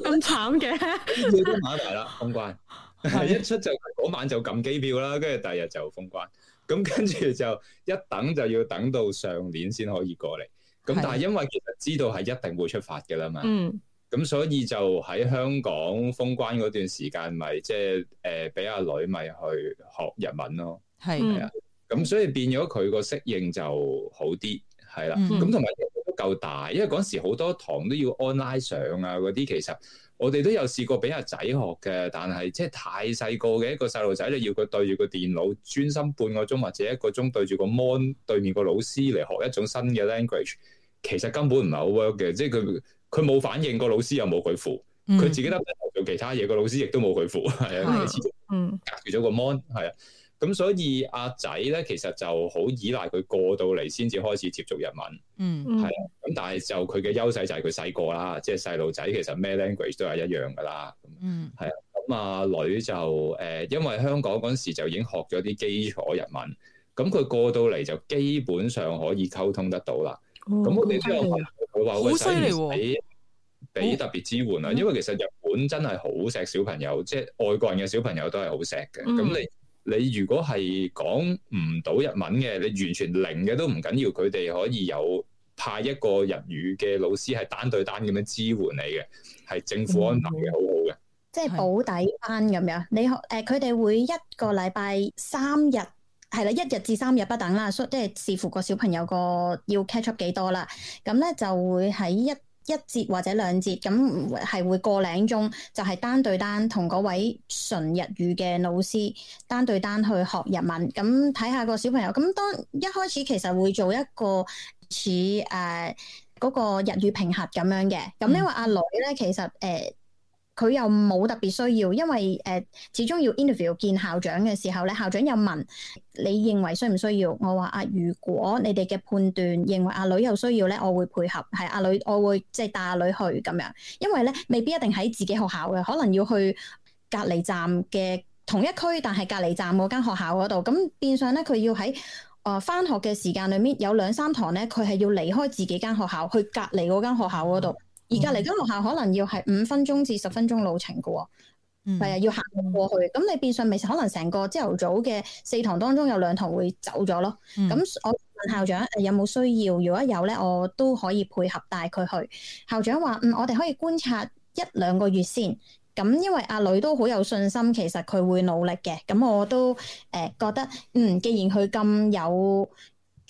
咁慘嘅，跟啦封關， 一出就嗰晚就撳機票啦，跟住第二日就封關，咁跟住就一等就要等到上年先可以過嚟，咁但係因為其實知道係一定會出發嘅啦嘛，嗯的，咁所以就喺香港封關嗰段時間，咪即係誒俾阿女咪去學日文咯，係，咁所以變咗佢個適應就好啲，係啦，咁同埋。夠大，因為嗰時好多堂都要 online 上啊，嗰啲其實我哋都有試過俾阿仔學嘅，但係即係太細個嘅一個細路仔咧，要佢對住個電腦專心半個鐘或者一個鐘對住個 mon 對面個老師嚟學一種新嘅 language，其實根本唔係好 work 嘅，即係佢佢冇反應，個老師又冇佢符，佢、嗯、自己得翻做其他嘢，個老師亦都冇佢符，係、嗯、 的啊，嗯、隔住咗個 mon 係啊。咁所以阿仔咧，其實就好依賴佢過到嚟先至開始接觸日文，嗯，係咁，但係就佢嘅優勢就係佢細個啦，即係細路仔其實咩 language 都係一樣噶啦。嗯，係咁阿女就誒、呃，因為香港嗰時就已經學咗啲基礎日文，咁佢過到嚟就基本上可以溝通得到啦。咁我哋之後佢話會俾俾、啊、特別支援啊，哦嗯、因為其實日本真係好錫小朋友，即係外國人嘅小朋友都係好錫嘅。咁你、嗯。嗯你如果係講唔到日文嘅，你完全零嘅都唔緊要，佢哋可以有派一個日語嘅老師係單對單咁樣支援你嘅，係政府安排嘅，嗯、好好嘅、嗯。即係保底班咁樣，你誒佢哋會一個禮拜三日，係啦，一日至三日不等啦，即係視乎個小朋友個要 catch up 幾多啦。咁咧就會喺一，一節或者兩節，咁係會過兩鐘，就係、是、單對單同嗰位純日語嘅老師單對單去學日文，咁睇下個小朋友。咁當一開始其實會做一個似誒嗰個日語評核咁樣嘅。咁因為阿女咧，其實誒。呃佢又冇特別需要，因為誒、呃、始終要 interview 見校長嘅時候咧，校長又問你認為需唔需要？我話啊，如果你哋嘅判斷認為阿女有需要咧，我會配合，係阿女，我會即係帶阿女去咁樣。因為咧，未必一定喺自己學校嘅，可能要去隔離站嘅同一區，但係隔離站嗰間學校嗰度，咁變相咧佢要喺啊翻學嘅時間裡面有兩三堂咧，佢係要離開自己間學校去隔離嗰間學校嗰度。而家嚟到學校可能要係五分鐘至十分鐘路程嘅，係啊、嗯，要行過去。咁你變相未可能成個朝頭早嘅四堂當中，有兩堂會走咗咯。咁、嗯、我問校長、呃、有冇需要？如果有咧，我都可以配合帶佢去。校長話：嗯，我哋可以觀察一兩個月先。咁因為阿女都好有信心，其實佢會努力嘅。咁我都誒覺得，嗯，既然佢咁有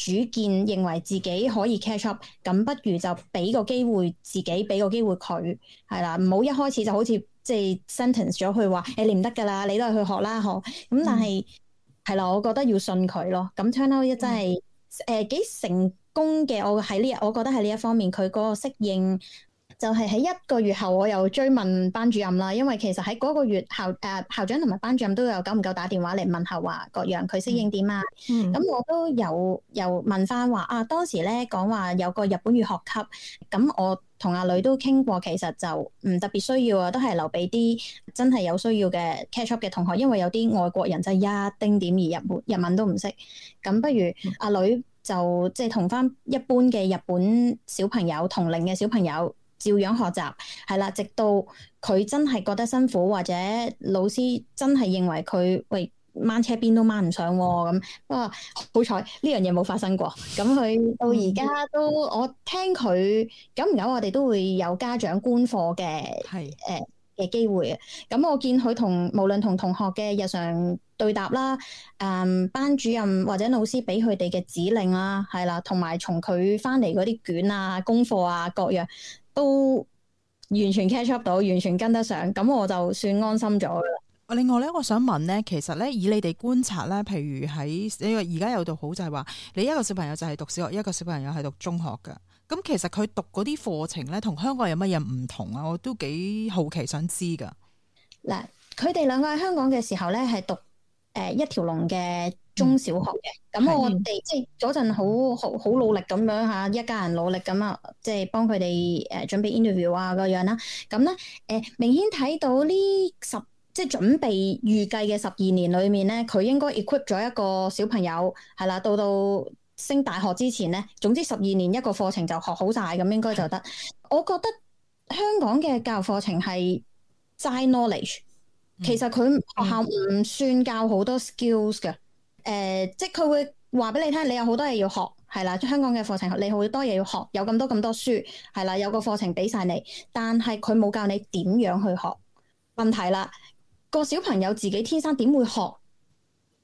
主見認為自己可以 catch up，咁不如就俾個機會自己，俾個機會佢，係啦，唔好一開始就好似即係 sentence 咗佢話，誒你唔得噶啦，你都係去學啦，嗬。咁但係係啦，我覺得要信佢咯。咁 Tiano 一真係誒、嗯呃、幾成功嘅，我喺呢，我覺得喺呢一方面，佢嗰個適應。就係喺一個月後，我又追問班主任啦。因為其實喺嗰個月後，誒校、啊、校長同埋班主任都有夠唔夠打電話嚟問下話，各樣佢適應點啊？咁、mm hmm. 我都有又問翻話啊。當時咧講話有個日本語學級，咁我同阿女都傾過，其實就唔特別需要啊，都係留俾啲真係有需要嘅 catch up 嘅同學。因為有啲外國人真係一丁點而日本日文都唔識，咁不如阿女就即係同翻一般嘅日本小朋友同齡嘅小朋友。照樣學習，係啦，直到佢真係覺得辛苦，或者老師真係認為佢喂，掹車邊都掹唔上喎、啊、咁。哇，啊、好彩呢樣嘢冇發生過。咁佢、嗯、到而家都，我聽佢久唔久，我哋都會有家長觀課嘅，係誒嘅機會啊。咁我見佢同無論同同學嘅日常對答啦，誒、嗯、班主任或者老師俾佢哋嘅指令啦，係啦，同埋從佢翻嚟嗰啲卷啊、功課啊各樣。都完全 catch up 到，完全跟得上，咁我就算安心咗。另外咧，我想問咧，其實咧，以你哋觀察咧，譬如喺呢個而家有道好就係話，你一個小朋友就係讀小學，一個小朋友係讀中學噶。咁其實佢讀嗰啲課程咧，同香港有乜嘢唔同啊？我都幾好奇想知噶。嗱，佢哋兩個喺香港嘅時候咧，係讀。誒、呃，一條龍嘅中小學嘅，咁、嗯、我哋的即係嗰陣好好好努力咁樣吓，一家人努力咁啊，即係幫佢哋誒準備 interview 啊，個樣啦。咁、呃、咧，誒明顯睇到呢十即係準備預計嘅十二年裏面咧，佢應該 equip 咗一個小朋友係啦，到到升大學之前咧，總之十二年一個課程就學好晒，咁應該就得。的我覺得香港嘅教育課程係齋 knowledge。其實佢學校唔算教好多 skills 嘅，誒、呃，即係佢會話俾你聽，你有好多嘢要學，係啦，香港嘅課程你好多嘢要學，有咁多咁多書，係啦，有個課程俾晒你，但係佢冇教你點樣去學，問題啦，個小朋友自己天生點會學，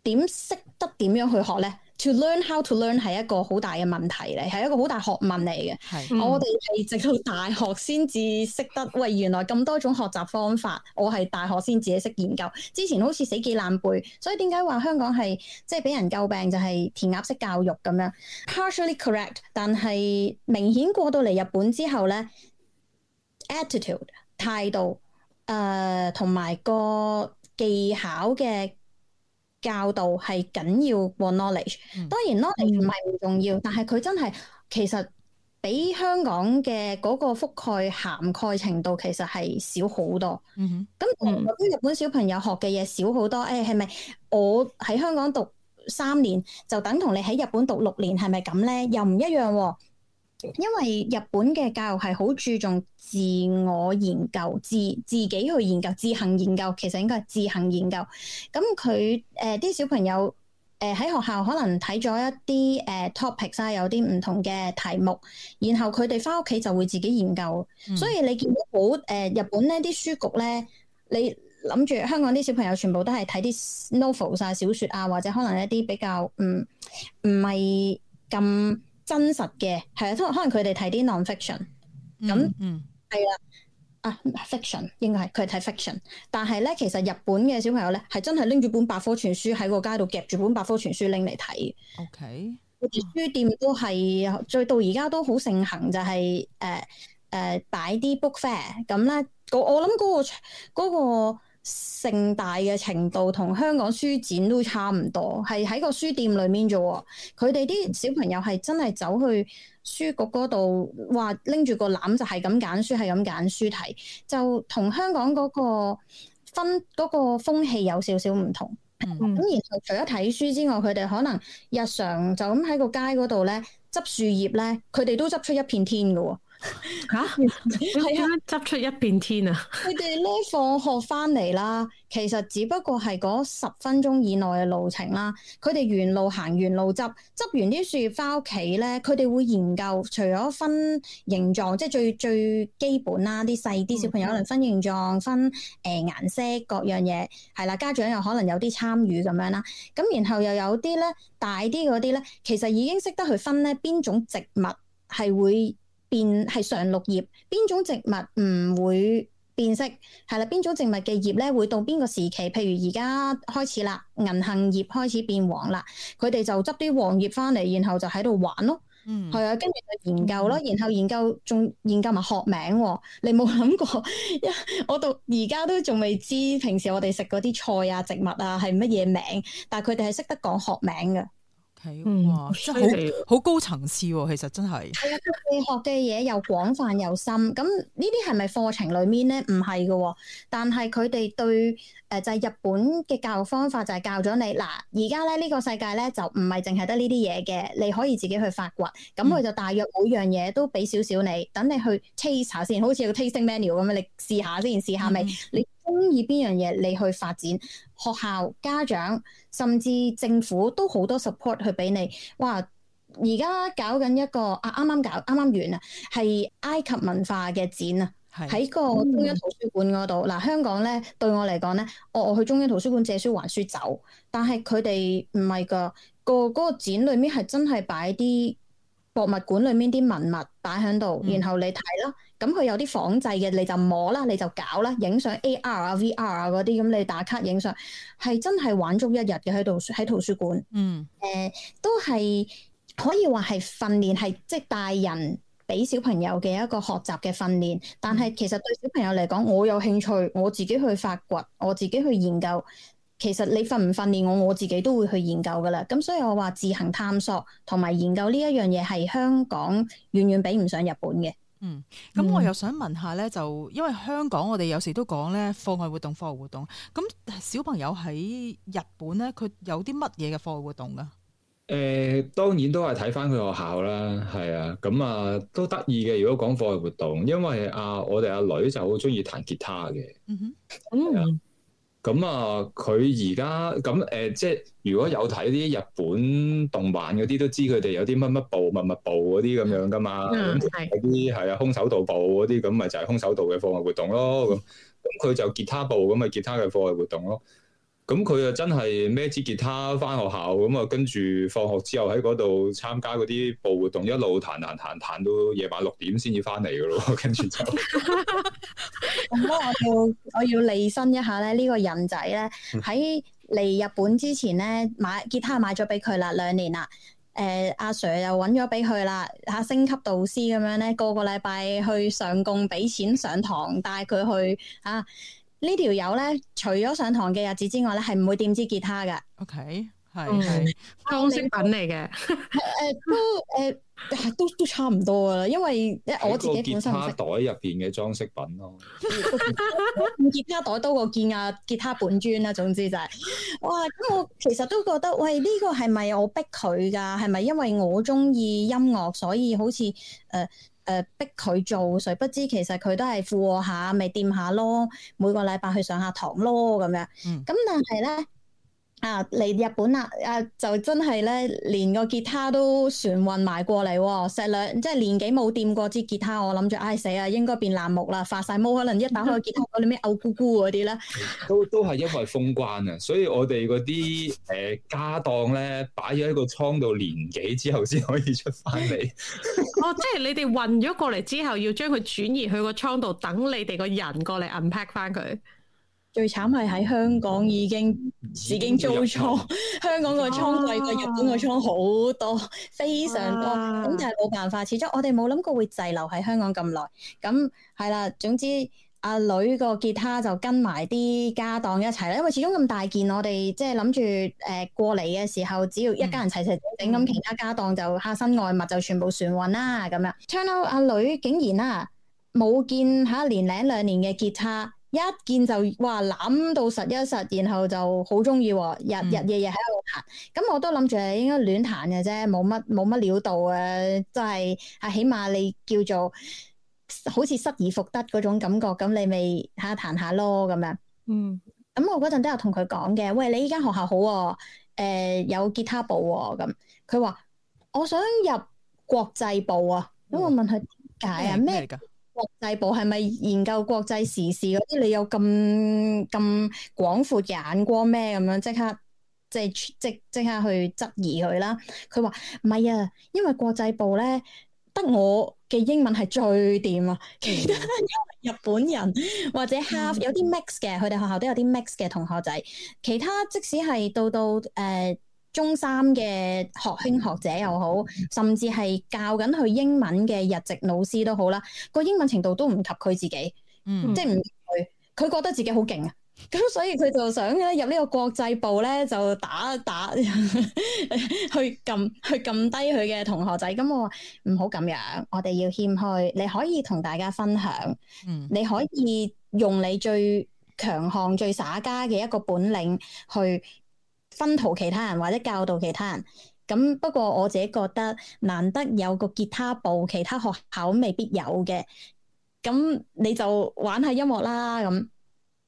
點識得點樣去學咧？To learn how to learn 係一個好大嘅問題嚟，係一個好大學問嚟嘅。嗯、我哋係直到大學先至識得，喂，原來咁多種學習方法，我係大學先自己識研究。之前好似死記爛背，所以點解話香港係即係俾人詬病就係、是、填鴨式教育咁樣？Partially correct，但係明顯過到嚟日本之後咧，attitude 態度，誒同埋個技巧嘅。教導係緊要過 knowledge，嗯、當然 knowledge 唔係唔重要，嗯、但係佢真係其實比香港嘅嗰個覆蓋、涵蓋程度其實係少好多。咁、嗯嗯、日本小朋友學嘅嘢少好多，誒係咪我喺香港讀三年就等同你喺日本讀六年係咪咁咧？又唔一樣喎、哦。因為日本嘅教育係好注重自我研究，自自己去研究，自行研究，其實應該係自行研究。咁佢誒，啲、呃、小朋友誒喺、呃、學校可能睇咗一啲誒、呃、topic 晒，有啲唔同嘅題目，然後佢哋返屋企就會自己研究。嗯、所以你見到好誒日本呢啲書局咧，你諗住香港啲小朋友全部都係睇啲 novel 晒小說啊，或者可能一啲比較嗯唔係咁。真實嘅係、嗯嗯、啊，因為可能佢哋睇啲 nonfiction 咁，係啦啊 fiction 應該係佢睇 fiction，但係咧其實日本嘅小朋友咧係真係拎住本百科全書喺個街度，夾住本百科全書拎嚟睇。OK，書店都係，再到而家都好盛行就係誒誒擺啲 book fair 咁啦。我我諗嗰個嗰個。嗰個盛大嘅程度同香港書展都差唔多，係喺個書店裏面啫。佢哋啲小朋友係真係走去書局嗰度，話拎住個籃就係咁揀書，係咁揀書睇，就同香港嗰個分嗰、嗰個風氣有少少唔同。咁、嗯、然後除咗睇書之外，佢哋可能日常就咁喺個街嗰度咧，執樹葉咧，佢哋都執出一片天嘅。吓，係啊！執出一片天啊！佢哋咧放學翻嚟啦， 其實只不過係嗰十分鐘以內嘅路程啦。佢哋沿路行，沿路執，執完啲樹葉翻屋企咧。佢哋會研究，除咗分形狀，即係最最基本啦，啲細啲小朋友可能分形狀、分，誒、呃、顏色各樣嘢，係啦。家長又可能有啲參與咁樣啦。咁然後又有啲咧大啲嗰啲咧，其實已經識得去分咧邊種植物係會變係常綠葉，邊種植物唔會變色，係啦。邊種植物嘅葉咧會到邊個時期？譬如而家開始啦，銀杏葉開始變黃啦，佢哋就執啲黃葉翻嚟，然後就喺度玩咯。嗯，係啊，跟住就研究咯，然後研究仲研究埋學名。你冇諗過，因我到而家都仲未知平時我哋食嗰啲菜啊、植物啊係乜嘢名，但係佢哋係識得講學名嘅。係、嗯、哇，係好好高層次喎，啊，其實真係。係啊，佢哋學嘅嘢又廣泛又深，咁呢啲係咪課程裡面咧？唔係嘅，但係佢哋對誒、呃、就係、係、日本嘅教育方法就係教咗你嗱，而家咧呢、呢個世界咧就唔係淨係得呢啲嘢嘅，你可以自己去發掘。咁佢就大約每樣嘢都俾少少你點點，等、嗯、你去 taste 先，好似個 tasting menu 咁樣，你試下先，試下未？你、嗯。中意邊樣嘢，你去發展，學校、家長甚至政府都好多 support 去俾你。哇！而家搞緊一個啊，啱啱搞，啱啱完啦，係埃及文化嘅展啊，係喺個中央圖書館嗰度嗱。香港咧，對我嚟講咧，我我去中央圖書館借書還書走，但係佢哋唔係噶，個嗰個展裏面係真係擺啲博物館裏面啲文物擺喺度，嗯、然後你睇咯。咁佢有啲仿製嘅，你就摸啦，你就搞啦，影相 AR 啊、VR 啊嗰啲。咁你打卡影相，係真係玩足一日嘅喺度喺圖書館。嗯，誒、呃、都係可以話係訓練，係即係大人俾小朋友嘅一個學習嘅訓練。但係其實對小朋友嚟講，我有興趣，我自己去發掘，我自己去研究。其實你訓唔訓練我，我自己都會去研究噶啦。咁所以我話自行探索同埋研究呢一樣嘢，係香港遠遠比唔上日本嘅。嗯，咁我又想問下咧，嗯、就因為香港我哋有時都講咧，課外活動、課外活動。咁小朋友喺日本咧，佢有啲乜嘢嘅課外活動㗎？誒、呃，當然都係睇翻佢學校啦，係啊，咁啊都得意嘅。如果講課外活動，因為、嗯、啊，我哋阿女就好中意彈吉他嘅。嗯哼。咁啊，佢而家咁誒，即係如果有睇啲日本動漫嗰啲，都知佢哋有啲乜乜部、密密部嗰啲咁樣噶嘛，啲係啊，空手道部嗰啲咁咪就係空手道嘅課外活動咯。咁，咁佢就吉他部咁咪吉他嘅課外活動咯。咁佢又真係孭支吉他翻學校，咁、嗯、啊跟住放學之後喺嗰度參加嗰啲部活動，一路彈彈彈彈，到夜晚六點先至翻嚟噶咯，跟住就。咁我要我要離身一下咧，呢、這個人仔咧喺嚟日本之前咧買吉他買咗俾佢啦，兩年啦，誒、呃、阿、啊、Sir 又揾咗俾佢啦，啊升級導師咁樣咧，個個禮拜去上供俾錢上堂，帶佢去啊。呢條友咧，除咗上堂嘅日子之外咧，係唔會掂支吉他嘅。OK，係係裝飾品嚟嘅，誒、 呃、都誒、呃、都都差唔多噶啦，因為我自己本身。吉他袋入邊嘅裝飾品咯，吉 他袋多過見啊吉他本尊啦。總之就係、是， 哇！咁我其實都覺得，喂、呢、這個係咪我逼佢噶？係咪因為我中意音樂，所以好似誒。呃誒、呃、逼佢做，誰不知其實佢都係附和下，咪掂下咯。每個禮拜去上下堂咯，咁樣。咁、嗯、但係咧。啊嚟日本啦，啊就真係咧，連個吉他都船運埋過嚟、哦，石兩即係年幾冇掂過支吉他，我諗住唉死啊，應該變爛木啦，發晒毛，可能一打開個吉他嗰啲咩嘔咕咕嗰啲咧，都都係因為封關啊，所以我哋嗰啲誒家當咧擺咗喺個倉度年幾之後先可以出翻嚟。 哦，即係你哋運咗過嚟之後，要將佢轉移去個倉度，等你哋個人過嚟 unpack 翻佢。最慘係喺香港已經已經租倉，嗯嗯、香港個倉貴過日本個倉好多，非常多。咁但係冇辦法，始終我哋冇諗過會滯留喺香港咁耐。咁係啦，總之阿女個吉他就跟埋啲家當一齊咧，因為始終咁大件，我哋即係諗住誒過嚟嘅時候，只要一家人齊齊整整咁，其他家當就 household 身外物就全部船運啦。咁樣 turn out 阿女竟然啊冇見吓年零兩年嘅吉他。一見就哇諗到實一實，然後就好中意喎，日日夜夜喺度彈。咁、嗯、我都諗住係應該亂彈嘅啫，冇乜冇乜料到啊，即係啊，起碼你叫做好似失而復得嗰種感覺咁，你咪吓彈下咯咁樣。嗯。咁我嗰陣都有同佢講嘅，喂，你依間學校好喎、啊呃，有吉他部喎、啊，咁佢話我想入國際部啊，咁我、嗯、問佢點解啊？咩嚟國際部係咪研究國際時事嗰啲？你有咁咁廣闊嘅眼光咩？咁樣即刻即即即刻去質疑佢啦！佢話唔係啊，因為國際部咧，得我嘅英文係最掂啊，其他因為日本人或者 half 有啲 mix 嘅，佢哋學校都有啲 mix 嘅同學仔，其他即使係到到誒。呃中三嘅學兄學姐又好，嗯、甚至係教緊佢英文嘅日籍老師都好啦，個英文程度都唔及佢自己，嗯，即係唔及佢，佢覺得自己好勁啊，咁所以佢就想入呢個國際部咧就打打 去撳去撳低佢嘅同學仔，咁我話唔好咁樣，我哋要謙虛，你可以同大家分享，嗯，你可以用你最強項、最耍家嘅一個本領去。分導其他人或者教導其他人，咁不過我自己覺得難得有個吉他部，其他學校未必有嘅。咁你就玩下音樂啦，咁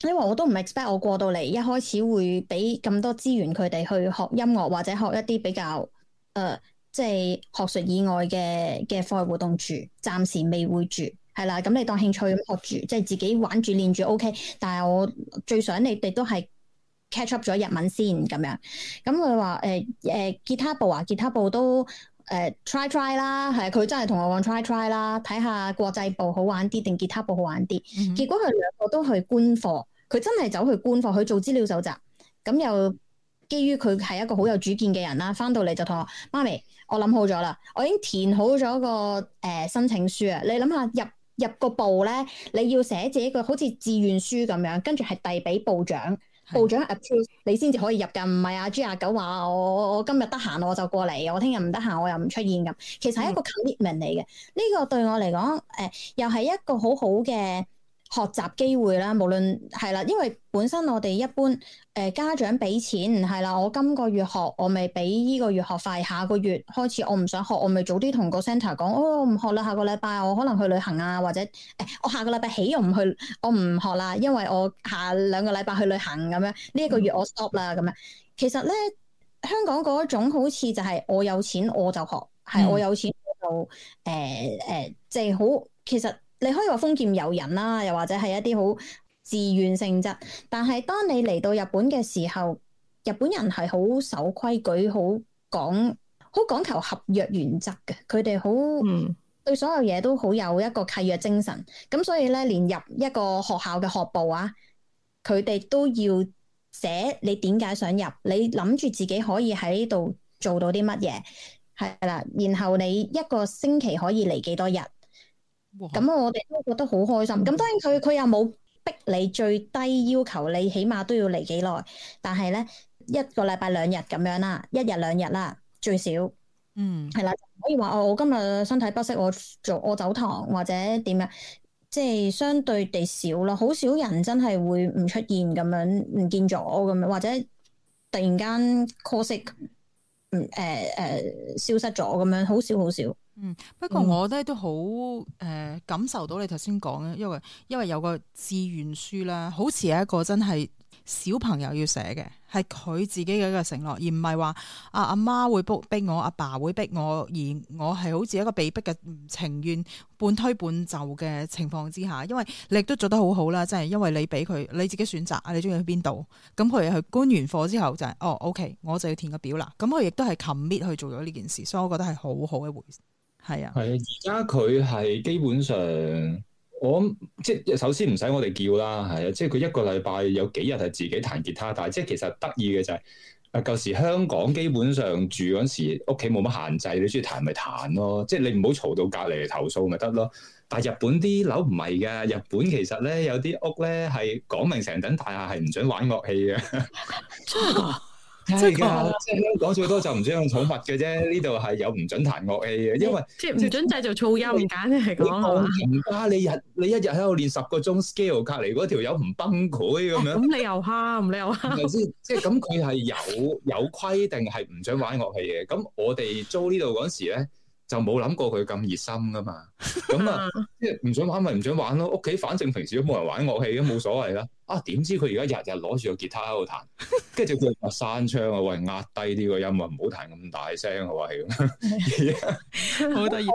因為我都唔 expect 我過到嚟一開始會俾咁多資源佢哋去學音樂或者學一啲比較誒，即係學術以外嘅嘅課外活動住，暫時未會住，係啦。咁你當興趣咁學住，即係自己玩住練住 OK。但係我最想你哋都係 catch up 咗日文先咁樣，咁佢話誒誒吉他部啊，吉他部都誒、呃、try try 啦，係佢真係同我講 try try 啦，睇下國際部好玩啲定吉他部好玩啲。Mm hmm. 結果佢兩個都去觀課，佢真係走去觀課去做資料搜集。咁又基於佢係一個好有主見嘅人啦，返到嚟就同我媽咪，我諗好咗啦，我已經填好咗個誒、呃、申請書啊。你諗下入入個部咧，你要寫自己一個好似志願書咁樣，跟住係遞俾部長。部長 approve 的、啊、你先至可以入㗎，唔係啊 g 廿九話我我今日得閒我就過嚟，我聽日唔得閒我又唔出現咁，其實係一個 commitment 嚟嘅，呢、呢個對我嚟講，誒、呃、又係一個好好嘅，學習機會啦，無論係啦，因為本身我哋一般誒、呃、家長俾錢係啦，我今個月學，我咪俾依個月學費，下個月開始我唔想學，我咪早啲同個 centre 講，哦，我唔學啦，下個禮拜我可能去旅行啊，或者誒、哎、我下個禮拜起又唔去，我唔學啦，因為我下兩個禮拜去旅行咁樣，呢、這、一個月我 stop 啦咁樣。其實咧，香港嗰種好似就係我有錢我就學，係我有錢我就誒誒，即係好其實。你可以話豐儉由人啦，又或者係一啲好自願性質。但係當你嚟到日本嘅時候，日本人係好守規矩，好講，好講求合約原則嘅。佢哋好嗯，對所有嘢都好有一個契約精神。咁所以咧，連入一個學校嘅學部啊，佢哋都要寫你點解想入，你諗住自己可以喺度做到啲乜嘢，係啦。然後你一個星期可以嚟幾多日？咁哇我哋都覺得好開心。咁當然佢佢又冇逼，你最低要求，你起碼都要嚟幾耐。但係咧，一個禮拜兩日咁樣啦，一日兩日啦最少。嗯，係啦，可以話哦，我今日身體不適，我做我，我走堂或者點樣，即係相對地少咯。好少人真係會唔出現咁樣，唔見咗咁樣，或者突然間 course 嗯誒誒消失咗咁樣，好少好少。嗯，不過我咧都好誒，感受到你頭先講咧，因為因為有個志願書啦，好似係一個真係小朋友要寫嘅，係佢自己嘅一個承諾，而唔係話阿阿媽會逼逼我，阿爸，爸會逼我，而我係好似一個被逼嘅唔情願，半推半就嘅情況之下。因為你亦都做得好好啦，即係因為你俾佢你自己選擇啊，你中意去邊度咁佢係去觀完課之後就係、是，哦，OK，我就要填個表啦。咁、嗯、佢亦都係 commit 去做咗呢件事，所以我覺得係好好嘅回係啊，係啊，而家佢係基本上，我即係首先唔使我哋叫啦，係啊，即係佢一個禮拜有幾日係自己彈吉他，但係即係其實得意嘅就係、是，啊舊時香港基本上住嗰時屋企冇乜限制，你中意彈咪彈咯，即係你唔好嘈到隔籬嚟投訴咪得咯。但係日本啲樓唔係噶，日本其實咧有啲屋咧係講明成等大廈係唔準玩樂器嘅。 即係講最多就唔准用寵物嘅啫。呢度係有唔准彈樂器嘅，因為即係唔准製造噪音樂，簡單嚟講啊嘛。唔加你日，你一日喺度練十個鐘 scale，隔籬嗰條友唔崩潰咁樣。咁、 哦、你又蝦，咁你又蝦。係咪先？ 即係咁，佢係有有規定係唔准玩樂器嘅。咁我哋租呢度嗰時咧。就冇諗過佢咁熱心㗎嘛，咁啊，即係唔想玩咪唔想玩咯，屋企反正平時都冇人玩樂器咁冇所謂啦。啊，點知佢而家日日攞住個吉他喺度彈，跟住就叫人話閂窗啊，喂，壓低啲個音啊，唔好彈咁大聲啊，係咁趣，好得意。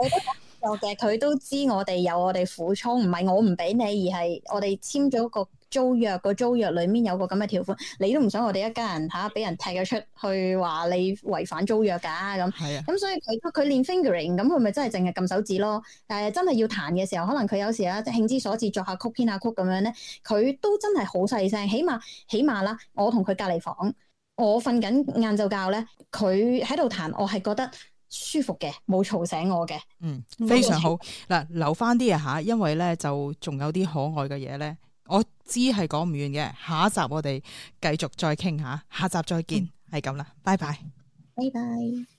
佢都知我哋有我哋苦衷，唔係我唔俾你，而係我哋簽咗個租約，個租約裏面有個咁嘅條款，你都唔想我哋一家人嚇俾、啊、人踢咗出去，話你違反租約㗎咁。係啊，咁的、嗯、所以佢佢練 fingering 咁佢咪真係淨係撳手指咯？但係，真係要彈嘅時候，可能佢有時啊，即興之所至作下曲編下曲咁樣咧，佢都真係好細聲，起碼起碼啦，我同佢隔離房，我瞓緊晏晝覺咧，佢喺度彈，我係覺得。舒服嘅，冇嘈醒我嘅，嗯，非常好。嗱， 留翻啲啊吓，因為咧就仲有啲可愛嘅嘢咧，我知係講唔完嘅。下一集我哋繼續再傾下，下集再見，係咁、嗯、啦，拜拜，拜拜。